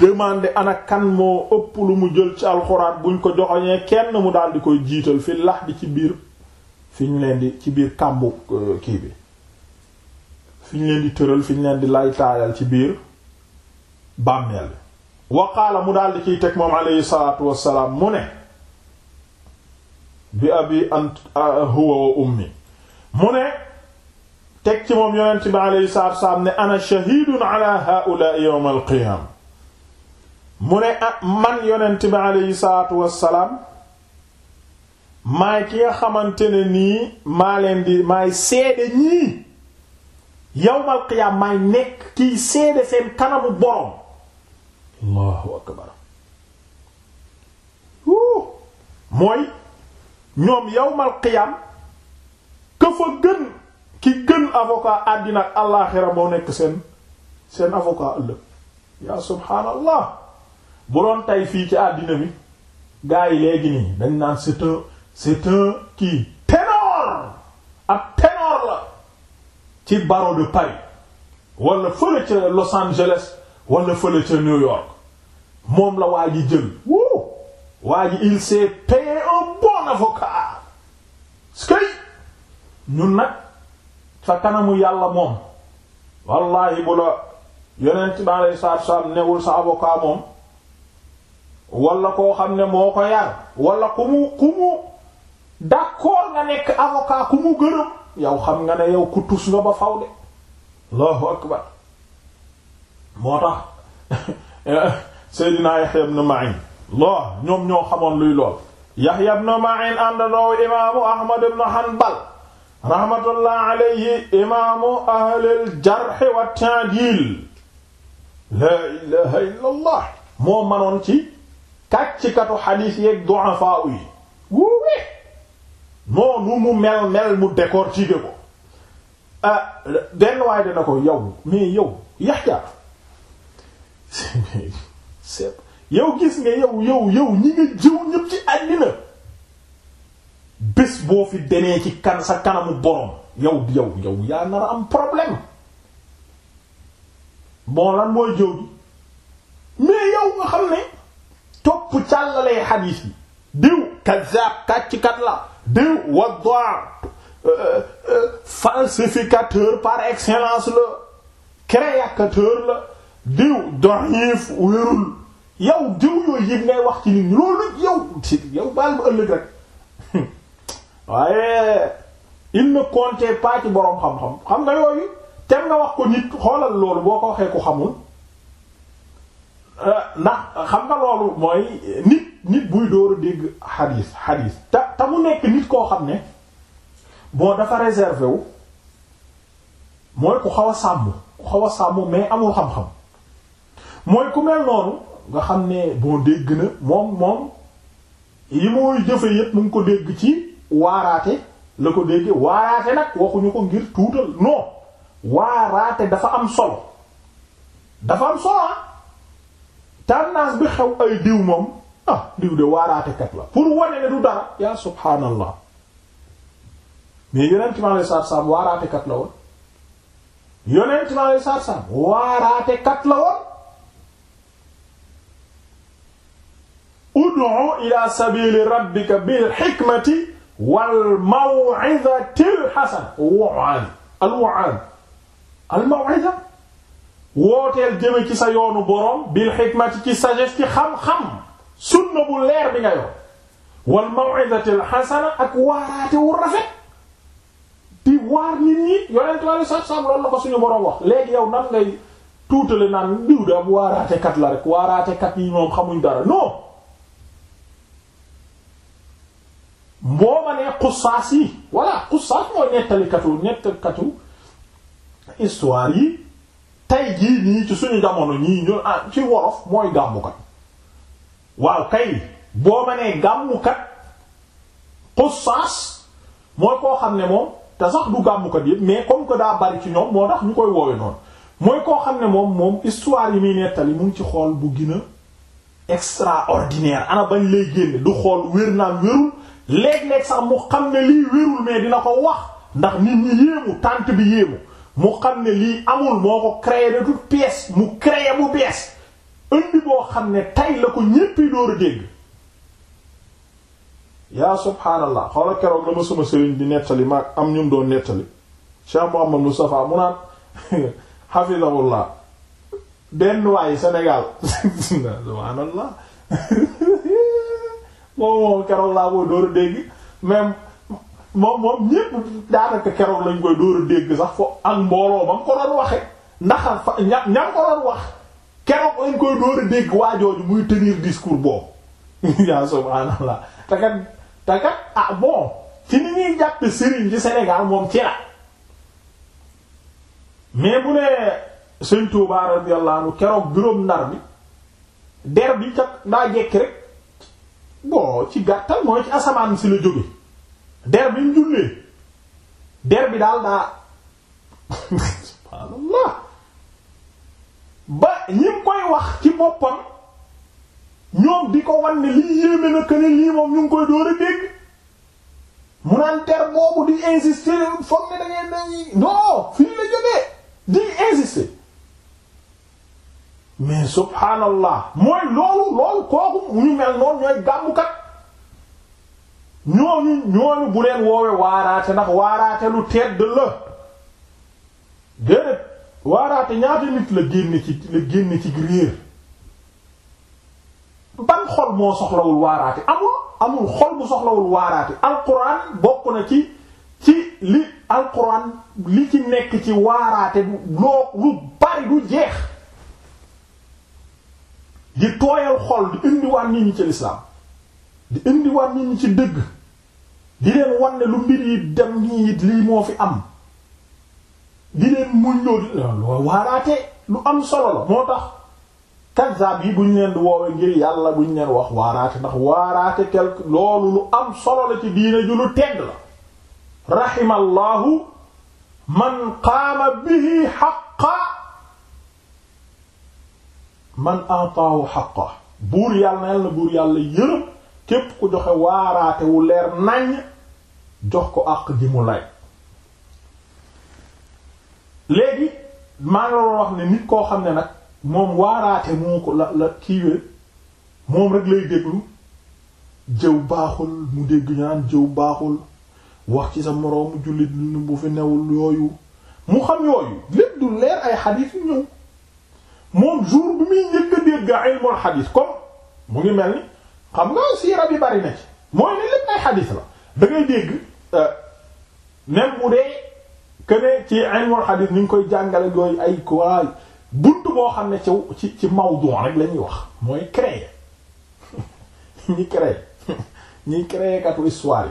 demandé ana kan moo ëpp lu mu jël ci alxuraan buñ ko joxoñee kenn mu daal di koy jiital fi lax di ci biir fi ci biir kàmbu euh, kii bi fi ñu leen di tëral fi ñu leen di laytaayal ci biir bàmmeel waqaala mu daal di ciy teg moom aleyhi salaatu wassalaam mu ne bi abi ant huwa wa ummi mu ne teg ci moom yonent bi aleyhi salaatu wassalaam ne ana shahidun ala haa'ulaa'i yawm al mu ne ah man yonent bi aleyhi salaatu wassalaam maay ki nga xamante ne nii maa leen di maay seede ñii yawmal qiyaam maay nekk kiy seede seen kanamu borom allahu akbar wuu mooy ñoom yawmal qiyaam ka fa gën ki gën avocat àddina ak àllaaxira moo nekk seen seen avocat ëllëg yaa subhaanallah bu doon tey fii ci àddina bi gaa yi léegi nii dañ naan c'est un kii ténor ak ténor la ci barreau de Paris wala fële ca Los Angeles wala fële ca New York moom la waa ji jël wuu waa ji il s'est payé un bon avocat skay ñun nag sa kanamu yàlla moom wallahi bu la yonent bi alei salatu salaam newul sa avocat moom wala koo xam ne moo ko yar wala ku mu ku mu d'accord nga nekk avocat ku mu gërëm yow xam nga ne yow ku tus nga ba faw de allahu akbar moo tax Seydina Yahya ibn Ma'in la ñoom ñoo xamoon luy lool Yahya ibn Ma'in àndandoowu imaamu Ahmad ibn Hanbal rahmatullah imaamu ahlil jarh wa ta'dil la ilaha illa moo manoon ci kàcckatu xadiis yeeg du'afa yi wuuwe noonu mu mel mel mu décortiquer ko ah benn waaye dana ko yow mais yow yaxya c'est yow gis nga yow yow yow ñi nga jëw ñëpp ci àddina bés boo fi demee ci kan sa kanamu borom yow yow yow yaa nar am problème bon lan mooy jëw bi mais yow nga xam ne topp càllalee xadiis yi diw kazaab kàccikat la diw waddaa euh, euh, euh, falsificateur par excellence la créateur la diw da'if wérul yow diw yooyu yëpp ngay wax ci nit loolu yow si yow baal ba ëllëg rek waaye il ne comptait pas boroom xam-xam xam nga yooyu tem nga wax ko nit xoolal loolu boo ko waxee ko xamul Euh, na xam nga loolu mooy nit nit buy dóor a dégg xadiis xadiis te te mu nekk nit koo xam ne bon dafa réservé wu mooy ku xaw a sàmm ku xaw a sàmm mais amul xam-xam mooy ku mel noonu nga xam ne bon dégg na moom moom yi mooy jëfe yépp mu ngi ko dégg ci waaraate la ko dégg waaraate nag waxuñu ko ngir tuutal non waaraate dafa am solo dafa am solo ah. tendance bi xew ay diw moom ah diw de waaraatekat la pour wane ne du dara yaa subhaanallah mais yonent mi aleyhi salaatu salaam waaraatekat la woon yonent mi aleyhi salaatu salaam waaraatekat la woon ud'u ila sabili rabbika bil hikmati wal maw'izati al hasana al wa'az al wa'az al maw'iza wooteel jëme ci sa yoonu boroom bil xikmati ci sagesse ci xam-xam sunna bu leer bi nga yor wal maw'izatil hasana ak waaraate wu rafet di waar nit ñi yonent wala sax sax loolu la ko suñu boroom wax léegi yow nan ngay tuutale naan diw da am waaraatekat la rek waaraatekat yi moom xamuñ dara non boo ma nee xusaas yi voilà xusaas mooy nettalikatu nettalkatu histoire yi tey jii nii ci suñu jamono ñii ñu ah ci wolof mooy gàmmukat waaw kay boo ma nee gàmmukat xusaas mooy koo xam ne moom te sax du gàmmukat yépp mais comme que daa bari ci ñoom moo tax ñu koy woowe noonu mooy koo xam ne moom moom histoire yi muy nettali mu ngi ci xool bu gën a extraordinaire ana bañ lay génne du xool wér naan wérul léeg-léeg sax mu xam ne lii wérul mais dina ko wax ndax nit ñi yéemu tànt bi yéemu mu xam ne lii amul moo ko créé de mu créé bu bees indi boo xam ne tey la ko ñéppi dóor dégg yaa subhaanallah xoola keroog la ma sama sëriñ di nettali maag am ñun doon nettali Cheikh Mouhamadou Moustapha mu naan hafizahullah benn waaye senegal subhaanallah moom moom keroog laa boo dóor dégg même moom moom ñépp daanaka keroog lañ koy dóor a dégg sax fo ak mbooloo ma mu ko doon waxe ndax fa ña ko doon wax keroog lañ koy dóor a dégg waa muy tenir discours boobu yaa subhaanallah takat takat ah bon ci ni ñuy jàppe sëriñ ci Sénégal moom ci la mais bu nee sëñ Touba radiyallahu keroog buróom ndar bi der bi ca daa jekki rek bon ci gàttal mooy ci asamaan si la jóge der bi mu jullee der bi daal daa subhaanallah ba ñi koy wax ci boppam ñoom di ko wan ne lii yéeme na que lii moom ñu koy door a dégg mu naan der boobu di insister foog ne da ngeen dañuy non fii la jógee di insister mais subhaanallah mooy loolu loolu kooku ñu mel noonu ñooy gàmmukat. ñooñu ñooñu bu leen woowe waaraate ndax waaraate lu tedd la déedéet waaraate ñaata nit la génne ci la génne ci réer ban xol moo soxlawul waaraate amul amul xol bu soxlawul waaraate alquran bokk na ci ci li alquran li ci nekk ci waaraate loo lu bari du jeex di tooyal xol di indiwaat nit ñi ci di indiwaat nit ñi ci dëgg di leen wan ne lu mbir yi dem nii it lii moo fi am di leen muñ loolu waaraate lu am solo la moo tax kazaab yi bu leen di woowe ngir yàlla buñ leen wax waaraate ndax waaraate quelque loolu lu am solo la ci diine ju lu tedd la raximallahu man qaama bihi xaqa man ataahu xaqa buur yàlla na yàlla buur yàlla yërëm képp ku joxe waaraate wu leer naññ jox ko àq ji mu lay léegi maa la wax ne nit koo xam ne nag moom waaraate moo ko la la kiiwee moom rek lay déglu jëw baaxul mu dégg ñaan jëw baaxul wax ci sa moroomu jullit bu fi newul yooyu mu xam yooyu lépp du leer ay xadiis yu ñëw moom jour bi muy njëkk a dégg xadiis comme mu ngi mel ni xam nga siira bi bari na ci mooy ne lépp ay xadiis la da dégg euh, même dee que ci ilmul xadiis ni ñu koy jàngale yooyu ay quoi bunt boo xam ne ci ci mawdu rek lañuy wax mooy créer ñi créer ñi créer katu histoire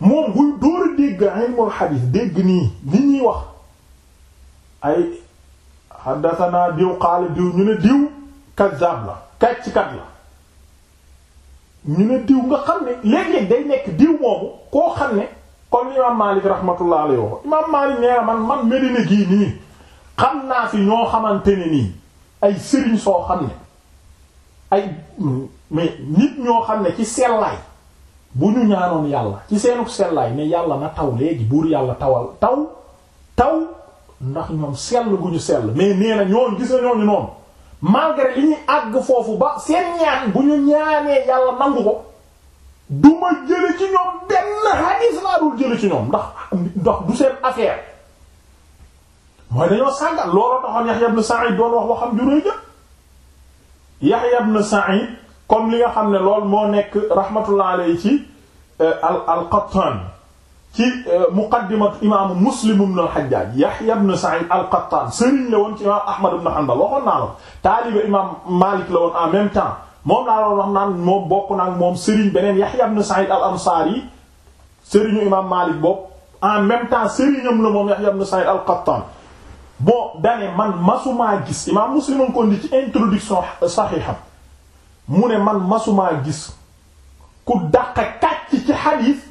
yi moom buy door dégg ilmul xadiis dégg nii ni ñuy wax ay xaddasanaa diw xaala diw ñu ne diw kazzab la kàcc kat la ñu ne diw nga xam ne léeg-léeg day nekk diw moomu koo xam ne comme imaam Maalik rahmatullah alayhi wax imaam Maalik nee man man Medina gii nii xam naa fi ñoo xamante ne nii ay sëriñ soo xam ne ay mais nit ñoo xam ne ci sellaay bu ñu ñaanoon yàlla ci seenu sellaay ne yàlla na taw léegi buur yàlla tawal taw taw ndax ñoom sell gu ñu sell mais nee na ñooñu gis na ñooñu noonu malgré li ñuy àgg foofu ba seen ñaan bu ñu ñaanee yàlla nangu ko du ma jële ci ñoom benn hadis laa dul jële ci ñoom ndax ndax du seen affaire mooy dañoo sàngal looloo taxoon Yahya ibn Sa'id doon wax waxam juróoy jë Yahya ibn Sa'id comme li nga xam ne lool moo nekk rahmatullah alayhi ci euh, al al Qattan ci euh, muqaddimat imaamu muslim ibn al-Hajjaj Yahya ibn Sa'id al-Qattan sëriñ la woon ci imaam Ahmad ibn Hanbal waxoon naa taaliba imaam Malik la woon en même temps moom laa doon wax naan moom bokk naa ak moom sëriñ beneen Yahya ibn Sa'id al-Ansari sëriñu imaam Malik bopp en même temps sëriñam la moom Yahya ibn Sa'id al-Qattan dane man masumaa gis imaam Muslim a ko indi ci introduction saxiixam mu ne man masumaa gis ku daq kàcc ci xadiis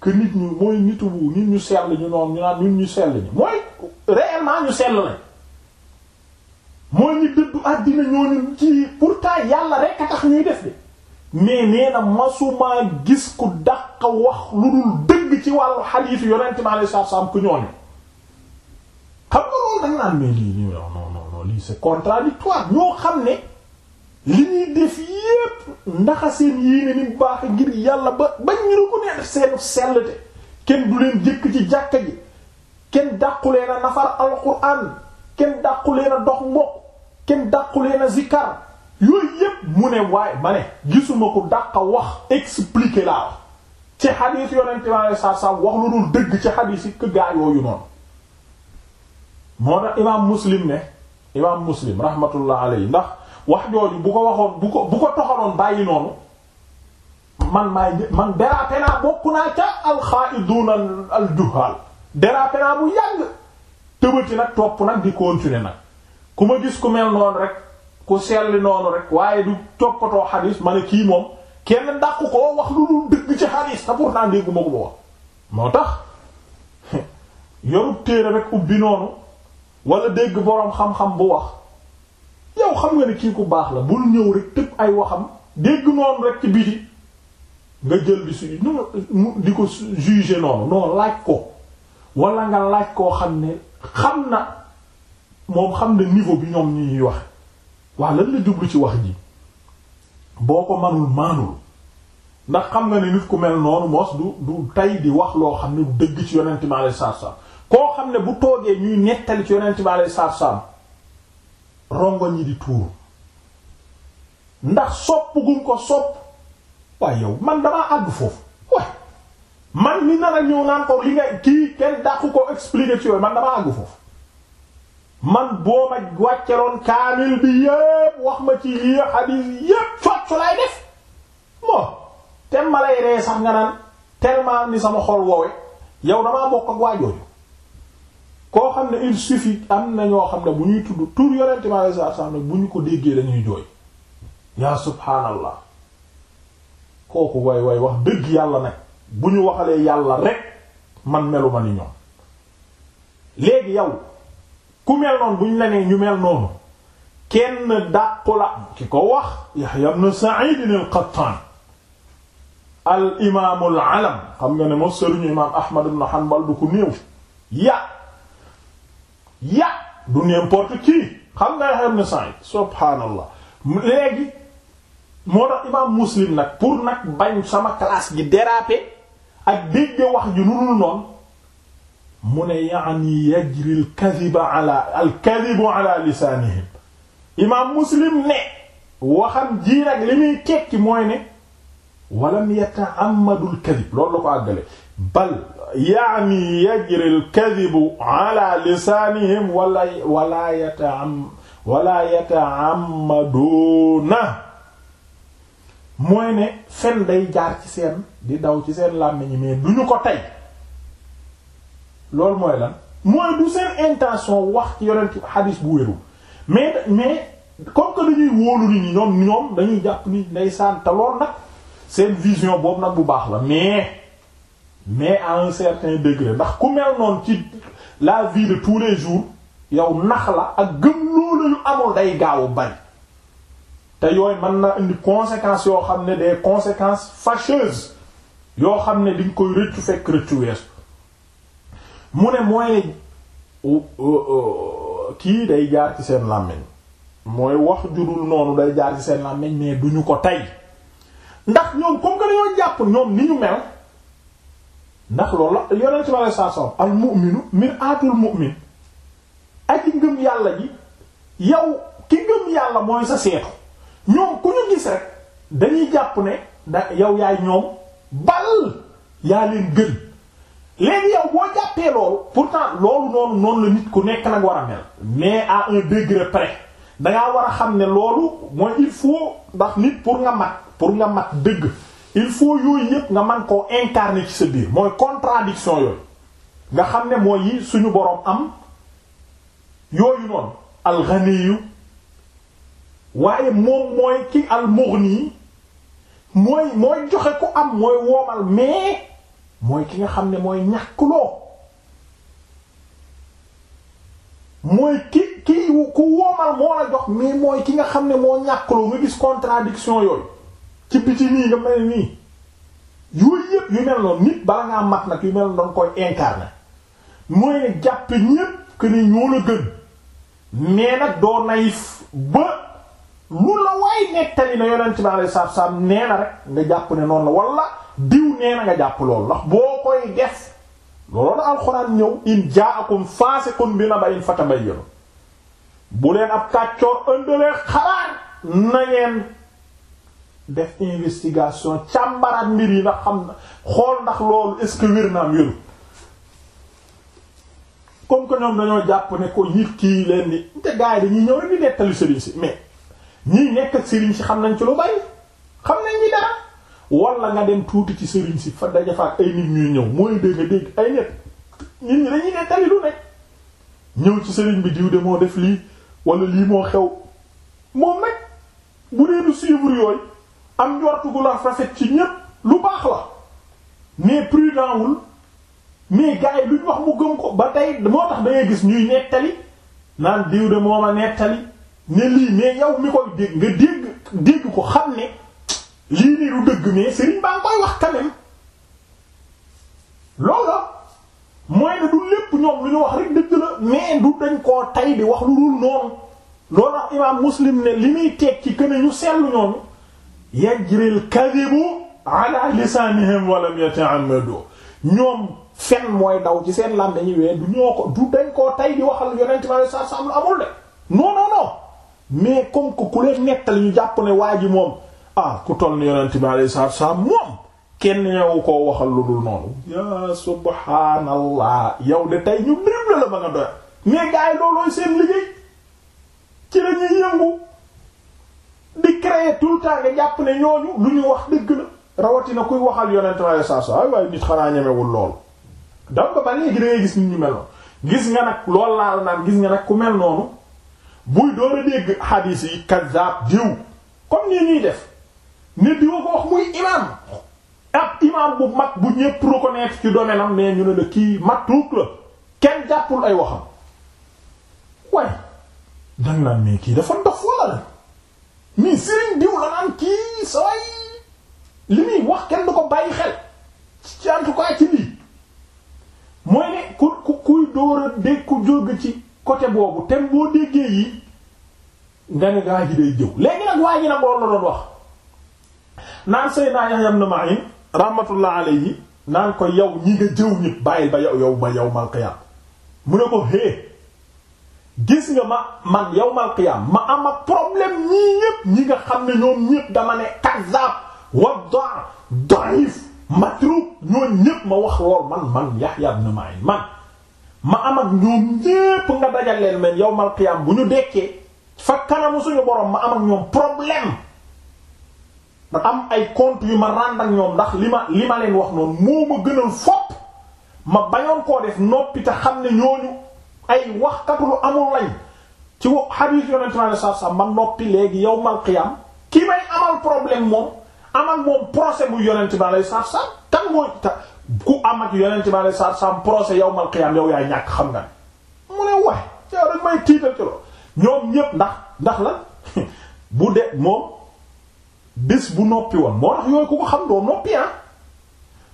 que nit ñu mooy nitu nit ñu sell ñu noonu ñu naan nit ñu sell ñu mooy réellement ñu sell na mooy ñi dëddu àddina ñooñu ci pourtant yàlla rek a tax ñuy def de mais nee na masumaa gis ku dàq wax lu dul dëgg ci wàllu xadiisu yonent ma alayhi salaam ku ñooñu xam nga loolu naan mais lii lii non non non lii c'est contradictoire ñoo xam ne. li ñuy def yépp ndaxa seen yéene ni baax ngir yàlla ba ba ñu ne ko neex seenu sellte kenn du leen jëkk ci jàkka ji kenn dàquleen a nafar alquran kenn dàquleen a dox mbokk kenn dàquleen a yooyu yépp mu ne waaye ma ne gisuma ko dàq wax expliquer laa wax ci xadiis yonente ma sa sa wax lu dul dëgg ci xadiis yi kë gaa yooyu noonu moo tax imaam muslim ne imaam muslim rahmatullah alayhi ndax wax jooju bu ko waxoon bu ko bu ko toxaloon bàyyi noonu man maay man déraper naa bokk naa ca alxaa'iduuna al juhaal déraper naa bu yàgg tëbati nag topp nag di continuer nag ku ma gis ku mel noonu rek ku selli noonu rek waaye du toppatoo xadiis ma ne kii moom kenn dàqu ko wax lu dul dëgg ci xadiis te pourtant dégguma ko ba wax moo tax yorub téere rek ubbi noonu wala dégg boroom xam-xam bu wax yow xam nga ne kii ku baax la bul ñëw rek tëb ay waxam dégg noonu rek ci biti nga jël bi su di ko juger noonu non laaj ko walla nga laaj koo xam ne xam na moom xam na niveau bi ñoom ñuy wax waa lan la jublu ci wax ji boo ko manul maanul ndax xam nga ne nit ku mel noonu moos du du tay di wax loo xam ne du dëgg ci yonent mi alayhi salaatu koo xam ne bu toogee ñuy nettali ci yonent mi alayhi salaatu salaam rongoñ yi di tuur ndax sopp gum ko sopp waaye yow man damaa àgg foofu waaye man mi nar a ñëw naan ko li nga kii kenn dàqu ko expliquer man damaa àgg foofu man boo ma wàcceroon kaamil bi yépp wax ma ci yi xadiis yépp coccu lay def moo tem ma lay ree sax nga naan tellement ni sama xol woowe yow damaa bokk ak waajooju yoo xam ne il suffit am na ñoo xam ne bu ñuy tudd tur yonent bi alayhi salaatu salaam bu ñu ko déggee dañuy jooy yaa subhaanallah kooku way way wax dëgg yàlla nag bu ñu waxalee yàlla rek man melu ma ni ñoom léegi yow ku mel noonu bu ñu la ñu mel noonu kenn dàqu ki ko wax Yahya ibn Sa'id al-Qattan al imaamul alam xam nga ne moo sëriñu imaam Ahmad ibn Hanbal du ko néew ya du n'importe qui xam nga xam ne sànq subhaanallah léegi moo tax imaam muslim nag pour nag bañ sama classe gi déraper ak dégg wax ju nunul noonu mu ne yaani yajri al kadhiba ala al lisaanihim imaam muslim ne waxam ji nag li muy tekki mooy ne walam yata'ammadu al loolu ko àggale bal yaani yajri al-kadhibu ala lisaanihim wala wala yataam wala yata'ammaduna mooy ne fen day jaar ci seen di daw ci seen làmmiñ mais du ñu ko tey loolu mooy lan mooy du seen intention wax ci yonent xadiis bu wéru mais mais comme que dañuy wóolu nit ñoom ñoom dañuy jàpp ni ndeysaan te lool nag seen vision boobu nag bu baax la mais mais à un certain ndax ku mel noonu ci la vie de tous les jours yow nax la ak gëm loolu ñu amul day gaawu bari te yooyu man na indi conséquences yoo xam ne des conséquence fâcheuses yoo xam ne diñ koy rëccu fekk rëccu weesu mu ne mooy euh, euh, kii day jaar ci seen làmmiñ mooy wax jurul noonu day jaar ci seen làmmiñ mais duñu ko tey ndax ñoom comme que dañoo jàpp ñoom ni ñu mel ndax loolu la yonent bi alei satu salam al mu'minu min aatul mu'min aji ngëm yàlla ji yow ki ngëm yàlla mooy sa seetu ñoom ku ñu gis rek dañuy jàpp ne da yow yaay ñoom bal yaa leen gën léegi yow boo jàppee loolu pourtant loolu noonu noonu la nit ku nekk nag war a mel mais à un degré près dangaa war a xam ne loolu mooy il faut ndax nit pour nga mat pour nga mat dëgg il faut yooyu yépp nga man koo incarner ci biir mooy contradiction yooyu nga xam ne mooy yi suñu boroom am yooyu noonu alxaniyu waaye moom mooy ki almughni mooy mooy joxe ku am mooy woomal mais mooy ki nga xam ne mooy ñàkkloo mooy ki ki ku woomal moo la jox mais mooy ki nga xam ne moo ñàkkloo nga gis contradiction yooyu ci biti nii nga mel nii yooyu yëpp yu mel noonu nit bala ngaa mat nag yu mel noonu koy incarné mooy ne jàppe ñépp que ni ñoo la gën mais nag doo naïf ba lu la waay nettali na yonent bi alayhi salaatu nee na rek nga jàpp ne noonu la wala diw nee na nga jàpp loolu ndax boo koy def loolu la alxuraan ñëw in jaa'akum faasiqun bi naba'in fatabayyanu bu leen ab kàccoor ëndalee xabaar na def investigation càmbaraat mbir yi ndax xam na xool ndax loolu est-ce que wér na comme que ñoom dañoo jàpp ne ko nit kii leen di te gars yi dañuy ñëw rek di nettali sëriñ si mais ñii nekk ak sëriñ si xam nañ ci lu bari xam nañ ñi dara wala nga dem tuuti ci sëriñ si fa daja fa ak ay nit ñuy ñëw mooy dégg dégg ay nit nit ñi dañuy nettali lu ne ñëw ci sëriñ bi diw de moo def lii wala lii moo xew moom nag bu dee du yooyu. am njortu gu la ci ñépp lu baax la mais prudent wul mais gars yi ñu wax mu gëm ko ba tey moo tax da gis ñuy nettali naan diw de moo nettali ne lii mais yow mi koy dégg nga dégg dégg ko xam ne lii nii du dëgg mais du lépp ñoom lu ñu dëgg mais du dañ koo tey di wax lu dul noonu loolu tax imaam Muslim ne li muy teg ci que ne ñu seetlu ñoom. yajril kadibu ala lisaanihim wa lam yata'ammadu ñoom fen mooy daw ci seen làmmiñ yi wee du ñoo ko du dañ koo tay di waxal yonent ma sa sam lu amul de non non mais comme que ku leen ñu jàpp ne waa ji moom ah ku toll ni yonent bi alei saatu moom kenn yow koo waxal lu dul noonu ya subhaanallah yow de tey ñu dribble la ba nga doy mais gars yi loolooy seen liggéey ci lañuy yëngu di créer tout le temps jàpp ne ñooñu lu ñu wax dëgg la rawatina kuy waxal yonent waaye saa saa waaye nit xanaa ñemewul lool donc ba léegi da gis nit ñu mel gis nga nag lool laal naan gis nga nag ku mel noonu buy door a dégg xadiis yi kazaab diw comme nii ñuy def ne diwa ko wax muy imaam ab imaam bu mag bu ñépp reconnaître ci domaine am ñu ne la kii matuuk la kenn jàppul ay waxam waaye dang naan mais kii dafa ndox walla mais sëriñ diw la naan kii sooy li muy wax kenn du ko bàyyi xel ci en tout cas ci lii mooy ne ku ku kuy dóor dégg jóg ci côté boobu tem boo déggee yi nga ne gaa ji day jëw léegi nag waa ji nag loolu la doon wax naan sëy naa Yahya ibn Ma'in rahmatullah alayhi naan ko yow ñi nga jëw ñi bàyyil ba yow yow ba yow mal qiyam mu ne ko gis nga ma man yow qiyaam ma am ak problème ñii ñépp ñi nga xam ne ñoom ñépp dama ne kazzab wadda da'if matruk ñoom ñépp ma wax lool man man Yahya ibn Ma'in man ma am ak ñoom ñépp nga dajal leen men yow qiyaam bu ñu dekkee fa kanamu suñu borom ma am ak ñoom problème am ay compte yu ma rànd ak ñoom ndax li ma li ma leen wax noonu moo ma gënal fopp ma bañoon koo def noppi te xam ne ñooñu ay wax lu amul lañ ci wa xadiis yonent bi alayhi salaam man noppi léegi yawmal qiyaam kii may amal problème moom amal moom procès bu yonent bi alayhi salaam kan mooy ta ku am ak yonent bi alayhi salaam procès yawmal qiyaam yow yaay ñàkk xam nga ne mu ne wax yow rek may tiital ci ñoom ñépp ndax ndax la bu de moom bés bu noppi woon moo tax yooyu ku ko xam doo noppi ah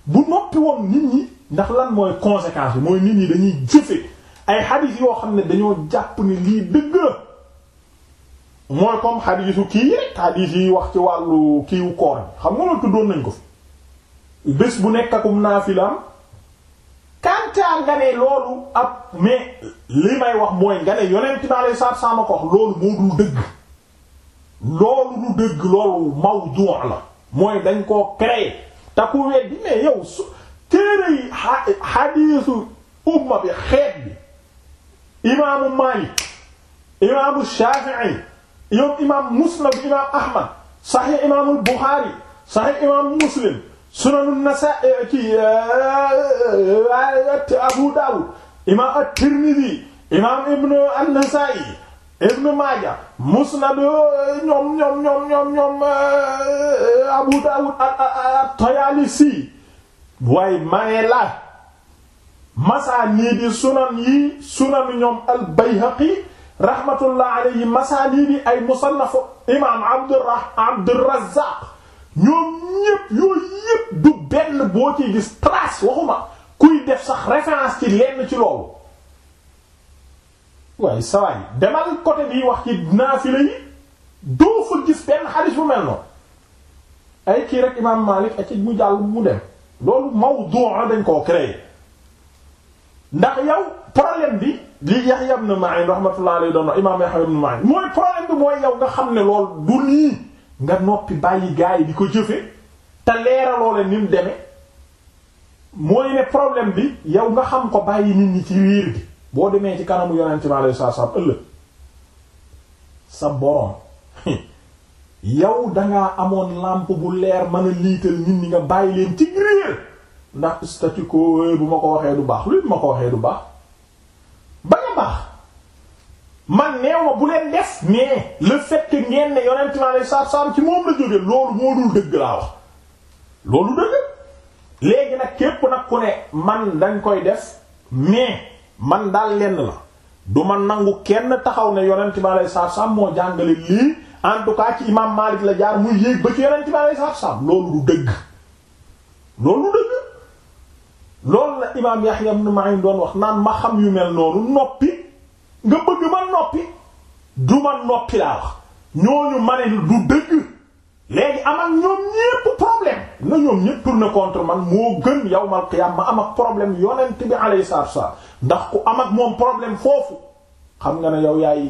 bu noppi woon nit ñi ndax lan mooy conséquence bi mooy nit ñi dañuy jëfe ay xadiis yoo xam ne dañoo jàpp ni lii dëgg la mooy comme xadiisu kii yi rek xadiis yi wax ci wàllu kiiwu koor xam nga loolu tuddoon nañ ko fi bés bu nekk akum naafilaam kantaal nga ne loolu ab mais li may wax mooy nga ne yonent bi alayhi salaatu salaam ko wax loolu moo dul dëgg loolu du dëgg loolu mawdu' la mooy dañ koo créer te ku weddi mais yow su téere yi xadiisu umma bi xeet bi imaamu Maalik imaamu Shaafi'i yoom imaam Musnad imaam Ahmad Sahih imaamul Buxaari Sahih imaam Muslim Sunanu Nasaa'i ki Abu Daawud imaam At-Tirmidhi imaam Ibn An-Nasaa'i Ibn Maaja Musnad ñoom ñoom ñoom ñoom ñoom Abu Daawud At-Tayaalisi waaye maa la masaan yii di sunan yi sunanu ñoom al-Bayhaqi rahmatullah alayhi masaan yii di ay musannafu imaam Abdurrah Abdurrazzaq ñoom ñépp yooyu yépp du benn boo ci gis trace waxuma kuy def sax référence ci lenn ci loolu waaye sawaay demal côté bi wax ci naafila yi doo fa gis benn xadis bu mel noonu ay kii rek imaam Maalik ak mu jàll mu dem loolu mawdu' dañ koo créé ndax yow problème bi li Yahya ibn Ma'in ma alayhi doon imaam Yahya ibn Ma'in mooy problème bi mooy yow nga xam ne lool du nii nga noppi bàyyi gaa yi ko jëfe te leeraloo leen ni deme demee mooy ne problème bi yow nga xam ko bàyyi nit ñi ci riir bi boo demee ci kanamu Yonent bi alayhi salaam ëllëg sa borom yow dangaa amoon làmp bu leer mën a liital nit ñi nga bàyyi leen ci riir ndax statu bu ma ko waxee du baax lu ma ko waxee du baax ba nga baax man neew ma bu leen def mais le fait ngeen ne yonent naa ne saab-saab ci moom la jóge loolu moo dul dëgg laa wax loolu léegi nag képp nag ku ne man dañ koy def mais man daal lenn la du ma nangu kenn taxaw ne yonent bi alei satu salam moo jàngale lii en tout cas ci imam Malik la jaar muy yéeg ba ci yonent bi alei satu dëgg loolu dëgg loolu la imaam Yahya ibn Ma'in doon wax naan ma xam yu mel noonu noppi nga bëgg ma noppi du ma noppi laa wax ñooñu ma ne du dëgg léegi am ak ñoom ñépp problème na ñoom ñépp tourner contre man moo gën yawmal qiyaam ma am ak problème yonent bi alayhi salaatu wassalaam ndax ku am ak moom problème foofu xam nga ne yow yaay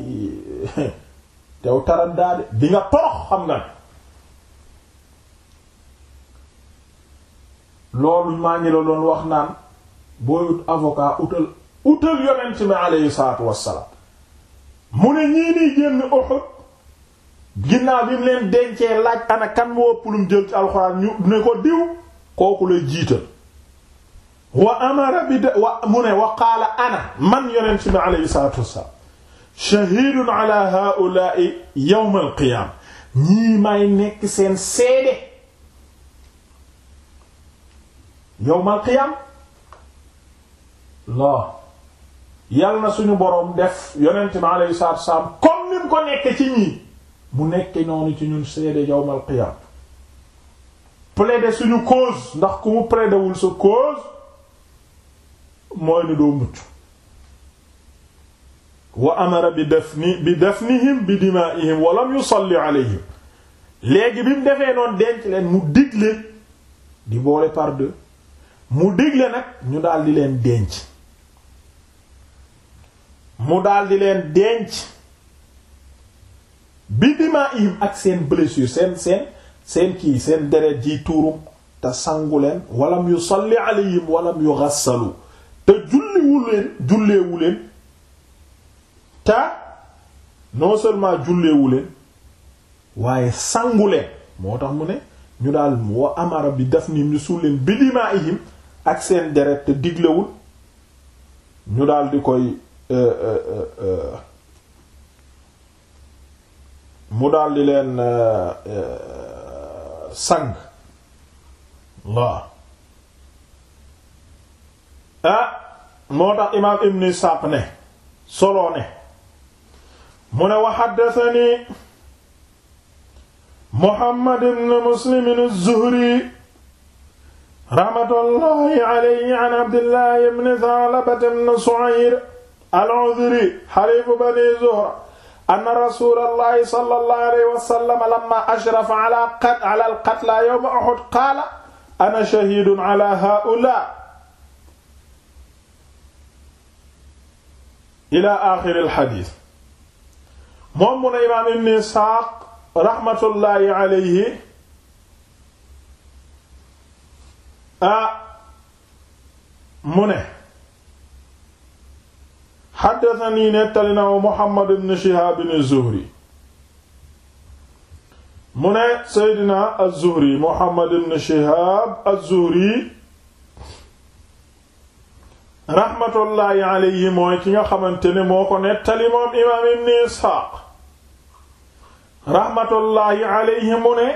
tew tarandaade di nga torox xam nga ne loolu maa ngi la doon wax naan booy ut avocat utal utal yonent mi aleyhi salaatu wassalaam mu ne ñii nii génn Uhud ginnaaw bi mu leen dencee laaj ana kan moo ëpp jël ci alxuraan ñu ne ko diw kooku la jiital wa amara bi de mu ne wa qaala ana man yonent mi aleyhi salaatu wassalaam shahidun ala haula'i yawm al ñii may nekk seen seede yawmal qiyaam la yal na suñu boroom def yonent mi alayhi salaatu wassalaam comme ni ko nekk ci ñii mu nekk noonu ci ñun seede yawmal qiyaam plaider suñu cause ndax ku mu plaider wul sa cause mooy ni doo mucc wa amara bi dafni bi dafnihim bi dimaa'ihim wa lam yusalli alayhim léegi bi mu defee noon denc leen mu digle di boole par deux mu dégle nag ñu daal leen denc mu daldi leen denc bi dima ihim ak seen blessure seen seen seen kii seen deret ji tuuru te sangu leen walam yu salli alayhim walam yu xassalu te julliwu leen julleewu leen te non seulement julleewu waaye sangu leen moo tax mu ne ñu daal wa amara bi daf ni ñu suul leen bi ihim ak seen deret te diglewul ñu daal di koy euh, euh, euh, mu daal leen sang waaw ah moo tax imaam Ibn Isxaaq ne soloo ne mu ne wa haddathani Muhammad ibn Muslim zuhri rahmatullahi alayhi an abdillahi ibn Tha'laba ibn Su'ayr al-Udhri halifu bani Zuhra anna rasulallahi sallallahu alayhi wa sallam lamma ashrafa ala ala al-qatla yawma Uhud qaala ana shahidun ala haa'ulaa'i ila aaxiri al-hadiis moom mu ne imaam ibn Isxaaq rahmatullahi alayhi ah mu ne xaddatanii nettali na wa Muhammad ibn Shihaab ibn Zuhri mu ne Seydina Az-Zuhri Muhammad ibn Shihaab Az-Zuhri raxmatullaahi alayhi mooy ki nga xamante ne moo ko nettali moom imaam ibn Isxaaq raxmatullaahi alayhi mu ne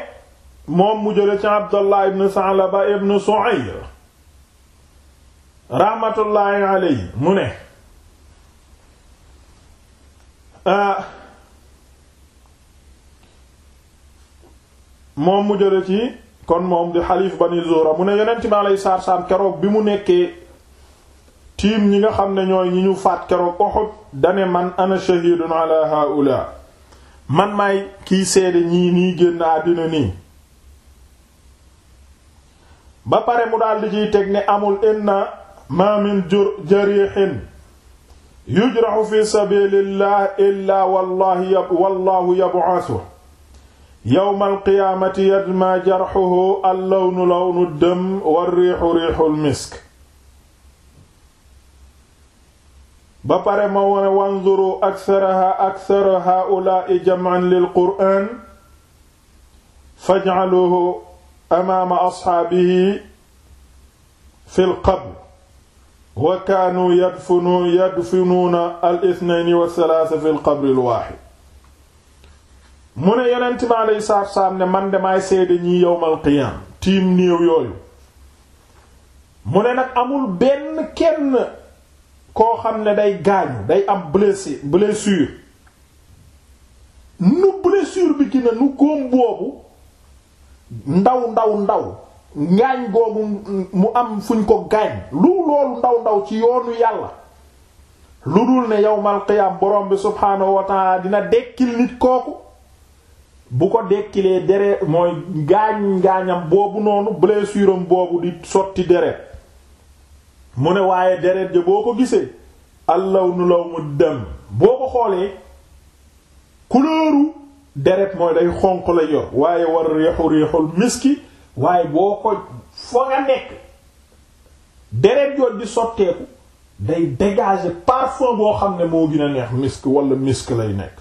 moom mu jële ci abdullah ibn sa'laba ibn su'ayr rahmatullahi alayhi mu ne moom mu jële ci kon moom di xalif bani zura mu ne yonent bi alayhi salaatu salaam keroog bi mu nekkee tiim ñi nga xam ne ñooy ñi ñu faat keroog Uhud dane man ana shahidun ala haula man maay kiy seede ñii nii génn àddina nii ba pare mu daal di ciy teg ne amul inna ma min jarihin yujrahu fi sabilillah illa wallahi wallahu yab'athu yawma alqiyaamati yadma jarxuhu allawnu lawnu dëm war riixu riixul misk ba pare ma wone wanzuru aktharaha akthara haa'ulaa'i jam'an lil qur'aan faj'aluhu amaama asxaabihi fi lqabr wa kaanu yadfinu yadfinuuna al wa salaasa fi lqabri lwaaxid mu ne yonent bi aleyhi salaatu wa ne man de maay seede ñi yowmal qiyaam tiim néew yooyu mu ne nag amul benn kenn koo xam ne day gaañu day am blessé blessure nu blessure bi gina nu góom boobu ndaw ndaw ndaw ngaañ googu mu am fuñ ko gaañ lu loolu ndaw ndaw ci yoonu yàlla lu dul ne yow qiyaam borom bi subhaanahu wa dina dekkil nit kooku bu ko dekkilee deret mooy ngaañ ngaañam boobu noonu blessure am boobu di sotti deret mu ne waaye deret ja boo ko gisee allaw nu law mu dem boo ko xoolee couleuru deret mooy day xonq la yor waaye war riixu riixul miski waaye boo ko foo nga nekk deret jot di sotteeku day dégager parfum boo xam ne moo gën neex misk wala misk lay nekk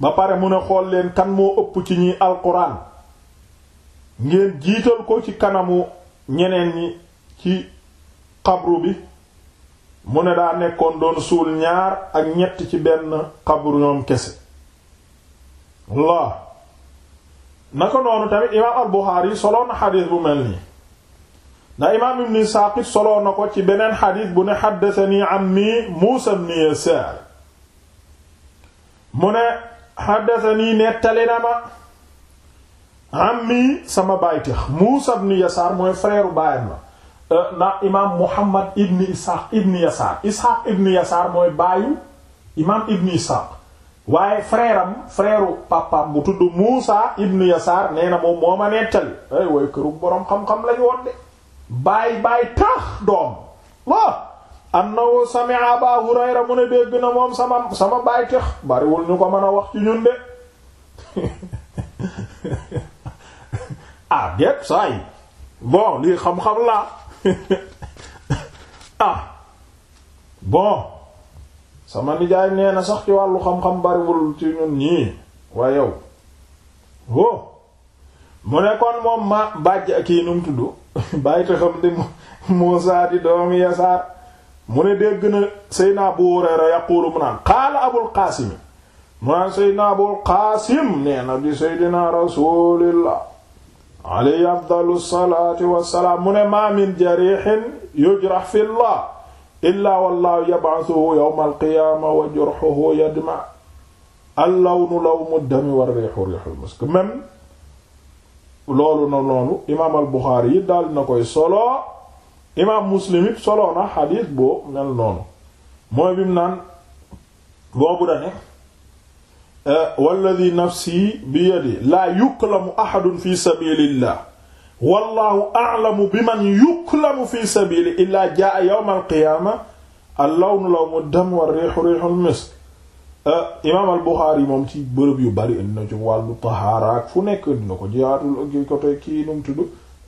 ba pare mu ne xool leen kan moo ëpp ci ñi alquran ngeen jiital ko ci kanamu ñeneen ñi ci xabru bi mu ne daa nekkoon doon suul ñaar ak ñett ci benn xabru ñoom kese Allah naka noonu tamit imaam al-Buxaari soloon na xadiis bu mel nii na imaam ibn Isaaq soloon na ko ci beneen xadiis bu ne xaddasanii ammi Muusaa ibn Yasaar mu ne xaddasanii nettali na ma ammi sama baay tax Muusaa ibn Yasaar mooy frère baayam la euh, na imaam Muhammad ibn Isaaq ibn Yasaar Isaaq ibn Yasaar mooy baayu imaam ibn Isaaq waaye frère am frère papaam bu tudd Muusa ibn Yasaar nee na moom moo ma nettali ay way këru boroom xam-xam lañu woon de baay baay tax doom la annahu sami'a Aba Hurayra mu ne dégg na moom sama sama baay tax bariwul ñu ko mën a wax ci ñun de ah déet saa yi bon lii xam-xam la ah bon sama nijaay nee na sax ci wàllu xam-xam bariwul ci ñun ñii waa yow ho mu ne kon moom ma bàjj kii num tudd bàyyi xam di Muusaa di doomi Yasaar mu ne dégg na Seydina Abu Hurayra yaqulu mu naan qaala Abul Qaasim mu naan Seydina Abul Qaasim nee di Seydina Rasuulillah alayhi afdalu salaatu wassalaam mu ne ma min jarihin yujrah fillah illaa wallaahu yab'athuhu yawmal qiyaama wa jurhuhu yadma al-lawnu lawnu dami wa riihu riihul musk même loolu na noonu imaam al Buxaari yi daal na koy solo imaam Muslim it solo na xadiis boo mel noonu mooy bi mu naan boobu da ne walladhi nafsi bi yadihi laa yuklamu ahadun fi sabiilillah wallahu a'lamu biman yuklamu fi sabili illaa jaa yawm alqiyaama allawnu lawnu dam wa riixu riixul misk eh, imaam al Buxaari moom ci bërëb yu bari indi na ci wàllu tahaara ak fu nekk indi na ko jihaatul ak kii num tudd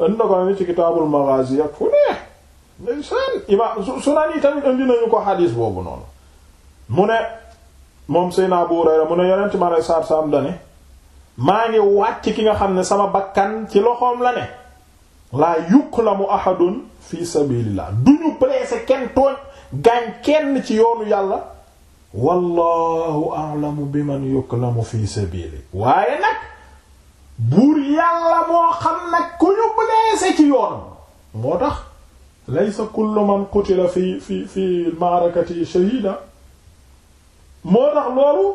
indi na ko ne ci kitaabul maghaazi ak fu neex ndeysaan imaam tamit indi nañu ko xadiis boobu noonu mu ne moom Seydina Abu Hurayra mu ne yonent ma ne saar saam dane maa ngi wàcc ki nga xam ne sama bakkan ci loxoom la ne laa yuklamu ahadun fi sabilillah du ñu blessé kenn tooñ gaañ kenn ci yoonu yàlla wallahu a'lamu biman yuklamu fi sabili waaye nag buur yàlla moo xam nag ku ñu blessé ci yoonu moo tax laysa kullu man qutila fi fi fi maarakati shahida moo tax loolu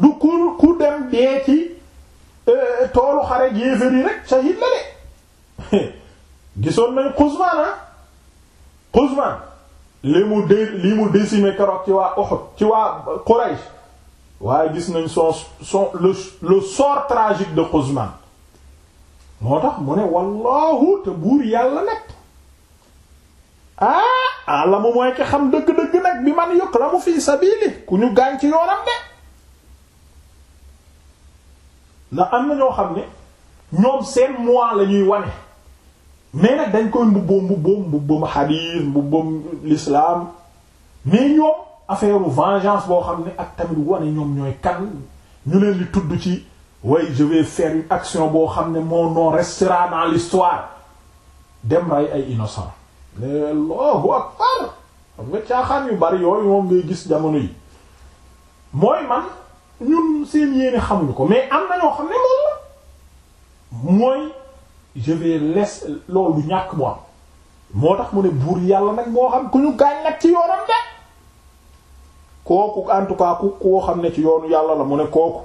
du ku dem dee euh, toolu xare jéeféri rek shahid la de gisoon nañ Quzman ah Quzman li mu dé li mu décimé keroog ci waa Uhud ci waa Quraysh waaye gis nañ son son le le sort tragique de Quzman moo tax mu ne wallaahu te buur yàlla nag ah ah la mu mooy ki xam dëgg-dëgg nag bi man yokk la mu fii sabili ku ñu gaañ ci yoonam de ndax am na ñoo xam ni ñoom seen moi la ñuy wane. mais dañ koy mbubboo mbubboo mbubboo xadiis mbubboo l'islam mais ñoom affaire vengeance boo xam ne ak tamit wane ñoom ñooy kan ñu leen di tudd ci way je vais faire action boo xam ne moo nom restera dans l'histoire dem ray ay innocent ne Allahu akbar nga caaxaan yu bari yooyu moom ngay gis jamono yi mooy man ñun seen yéene xamuñu ko mais am na ñoo xam ne moom mooy je les laisser loolu ñàkk mu am moo tax mu ne buur yàlla nag moo xam ku ñu gaañ nag ci yoonam de kooku en tout cas ku koo xam ne ci yoonu yàlla la mu ne kooku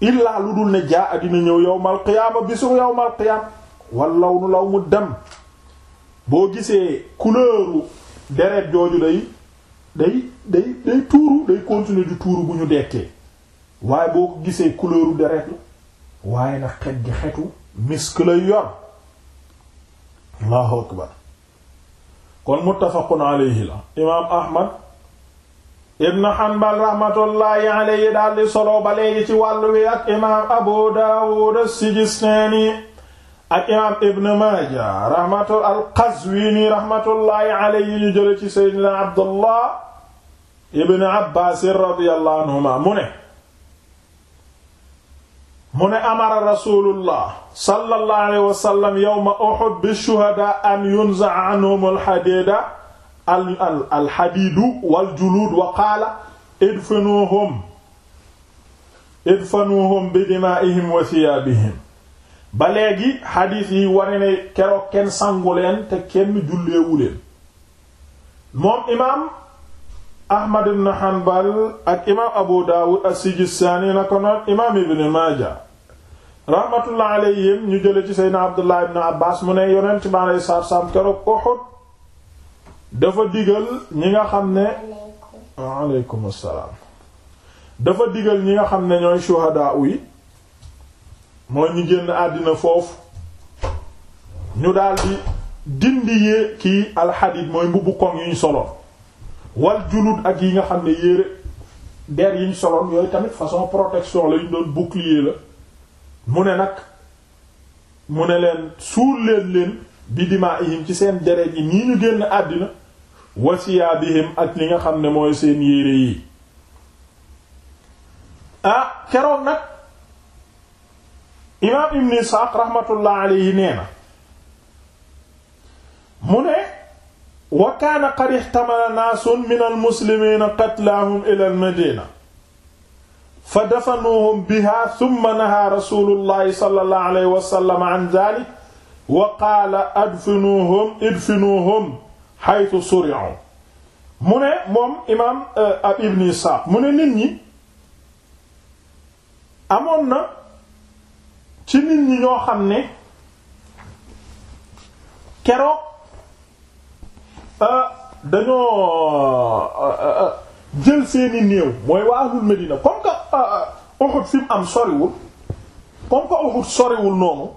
illaa lu dul ne jaa a dina ñëw yowmal qiyaama bisu yowmal qiyaam wallaw nu law mu dem boo gisee couleuru deret jooju day day day day tuuru day continuer du tuuru bu ñu dekkee waaye boo gisee couleuru deret la waaye nag xet gi xetu misk lay yor Allahu akbar kon muttafaqun alayhi la Ahmad ibn Hanbal rahmatullahi alayhi daal solo ba ci wàllu wi ak imaam Abu Dawud as-Sijistani ak Ibn Maaja rahmatul al-Qazwini rahmatullahi alayhi ñu jële ci Seydina Abdullah ibn Abbaas radiyallahu anhuma mu mu ne amara rasulullah sallallahu alayhi wa sallam yawma an yunza anhum alxadida al alxadiidu waljuluud wa qaala idfanuhum idfanuhum bi dimaa'ihim wa thiyaabihim ba léegi yi wane ne keroog kenn kenn julleewu moom imaam Ahmad ibn Hanbal ak imaam Abu Daawud as-Sijistaani ko noon imaam Ibn Maaja rahmatullah alayhim ñu jële ci seydna abdullah ibn abbas mu ne yonent bi alayhi salaatu salaam keroog Uhud dafa digal ñi nga xam ne dafa digal ñi nga xam ne ñooy shuhadaa yi mooy ñu génn àddina foofu ñu daldi dindi yee kii alxadid mooy mbubbu koŋ yi ñu soloon wal julud ak yi nga xam ne yére der yi ñu soloon yooyu tamit façon protection la ñu doon bouclier la mu ne nag mu ne leen suul leen leen bi dimaa ci seen deret yi nii ñu génn àddina wasiyaa bihim ak nga xam ne mooy seen yére yi ah keroog nag imaam ibn Isxaaq raxmatullah alayhi nee mu ne wa kaana qad ihtamala naasun min almuslimiina qatlahum ila almadina fa dafanuuhum biha thumma nahaa rasulullahi sallallahu alayhi wa sallam an dhalik wa qaala adfinuuhum idfinuuhum haythu suri'u mu ne moom imaam eh, ab ibn Isaaq mu ne nit ñi amoon na ci nit ñi ñoo xam ne keroog eh, dañoo eh, jël seeni néew mooy waaxul Medina comme que euh, euh, Uhud fi mu am soriwul comme que Uhud soriwul noonu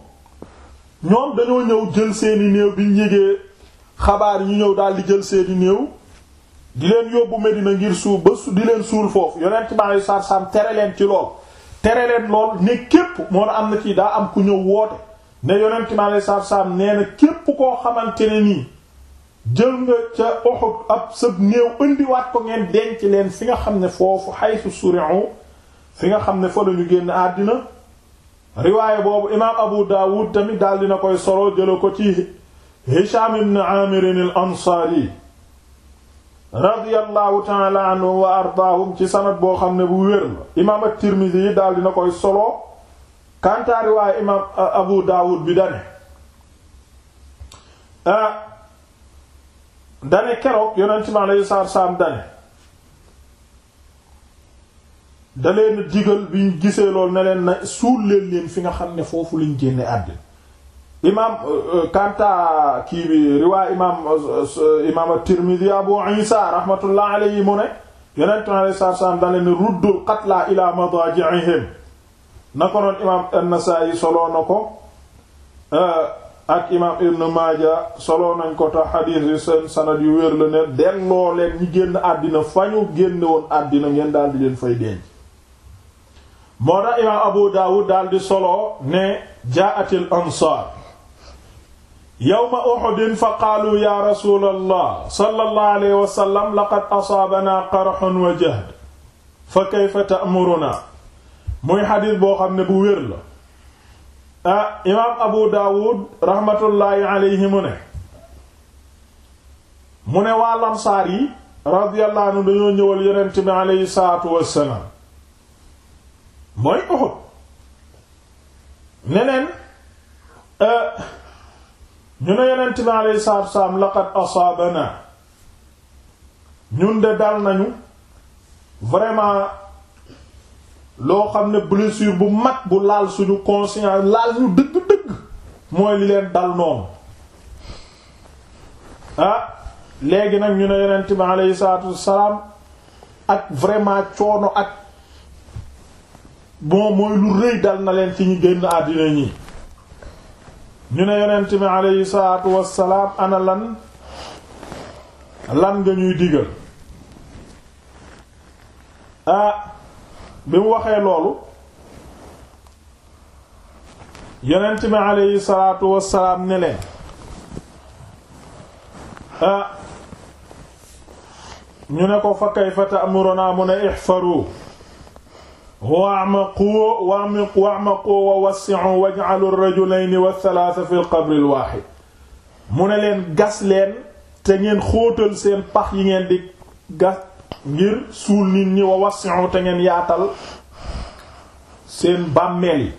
ñoom dañoo ñëw jël seeni néew bi ñu yégee xabaar yi ñu ñëw daal di jël seeni néew di leen yóbbu Medina ngir suuf ba su di leen suul foofu yonent maa yu saar saam tere leen ci lool tere leen lool ne képp moo la am na ci daa am ku ñëw woote ne yonent maa yu saar saam nee képp koo xamante ne nii jël nga ca Uhud ab sëb néew indiwaat ko ngeen denc leen fi nga xam ne foofu haythu suri'u fi nga xam ne fa lañu génn àddina riwaaya boobu imaam Abu Dawud tamit daal na koy solo jëla ko ci Hisham ibn Amir al-Ansari radiyallahu ta'ala wa ardaahum ci sanad boo xam ne bu wér la imaam yi daal dina koy solo kantaa riwaaya imaam Abu Dawud bi dane ah, dane keroog yonent mi lay salaatu salaam dane da leen digal bi ñu gisee lool ne leen na suul leen leen fi nga xam ne foofu lañ génne àddina imaam euh, euh, kanta kii bi riwaa imaam euh, imaam at-Tirmidhi Abu Isa rahmatullah alayhi mu ne yonent mi alayhi salaatu salaam dane ne ruddul qatlaa ilaa madaaji'ihim na ko noon imaam an-Nasaa'i soloo na ko ak imaam Ibn Maaja solo nañ ko te xadiis yu seen sanad yu wér la ne delloo leen ñi génn àddina fa ñu génn woon àddina ngeen daal di leen fay denc moo tax imaam Abu Daawud daal di solo ne jaa'atil ansaar yawma Uhud fa qaalu yaa rasuulallah sallallahu alayhi wa sallam laqad asaabanaa wa jahd fa kayfa ta'murunaa muy xadiis boo xam ne bu wér la ah imaam abu daawud raxmatullaahi alayhi mu ne mu ne waa lamsaar yi radiyallahu anhu dañoo ñëwal yonent bi alayhi salaatu wassalaam mooy Uhud ne eh, ñu ne yonent bi alayhi salaatu wassalaam laqad asaabanaa ñun de dal nañu vraiment loo xam ne blessure bu mag bu laal suñu conscience laal ñu dëgg-dëgg mooy leen dal noonu ah, léegi nag ñu ne yonent bi aleyhi salaatu wassalaam ak vraiment coono ak bon mooy lu rëy dal na leen ci ñu génn àddina ñi ñu ne yonent bi aleyhi salaatu wassalaam ana lan lan nga ñuy digal ah, bi mu waxee loolu yonent bi aleyhi salaatu wassalaam ne leen ñu ne ko fa kayfa ta'muruna mu ne ihfaru wa'maqu wa'maqu wa'maqu wa wassi'u waj'alu ar-rajulayni wath-thalatha fi al-qabri al-wahid mu ne leen gas leen te ngeen xóotal seen pax yi ngeen di gas ngir suul nit ñi wa wasi'u te ngeen yaatal seen bàmmeel yi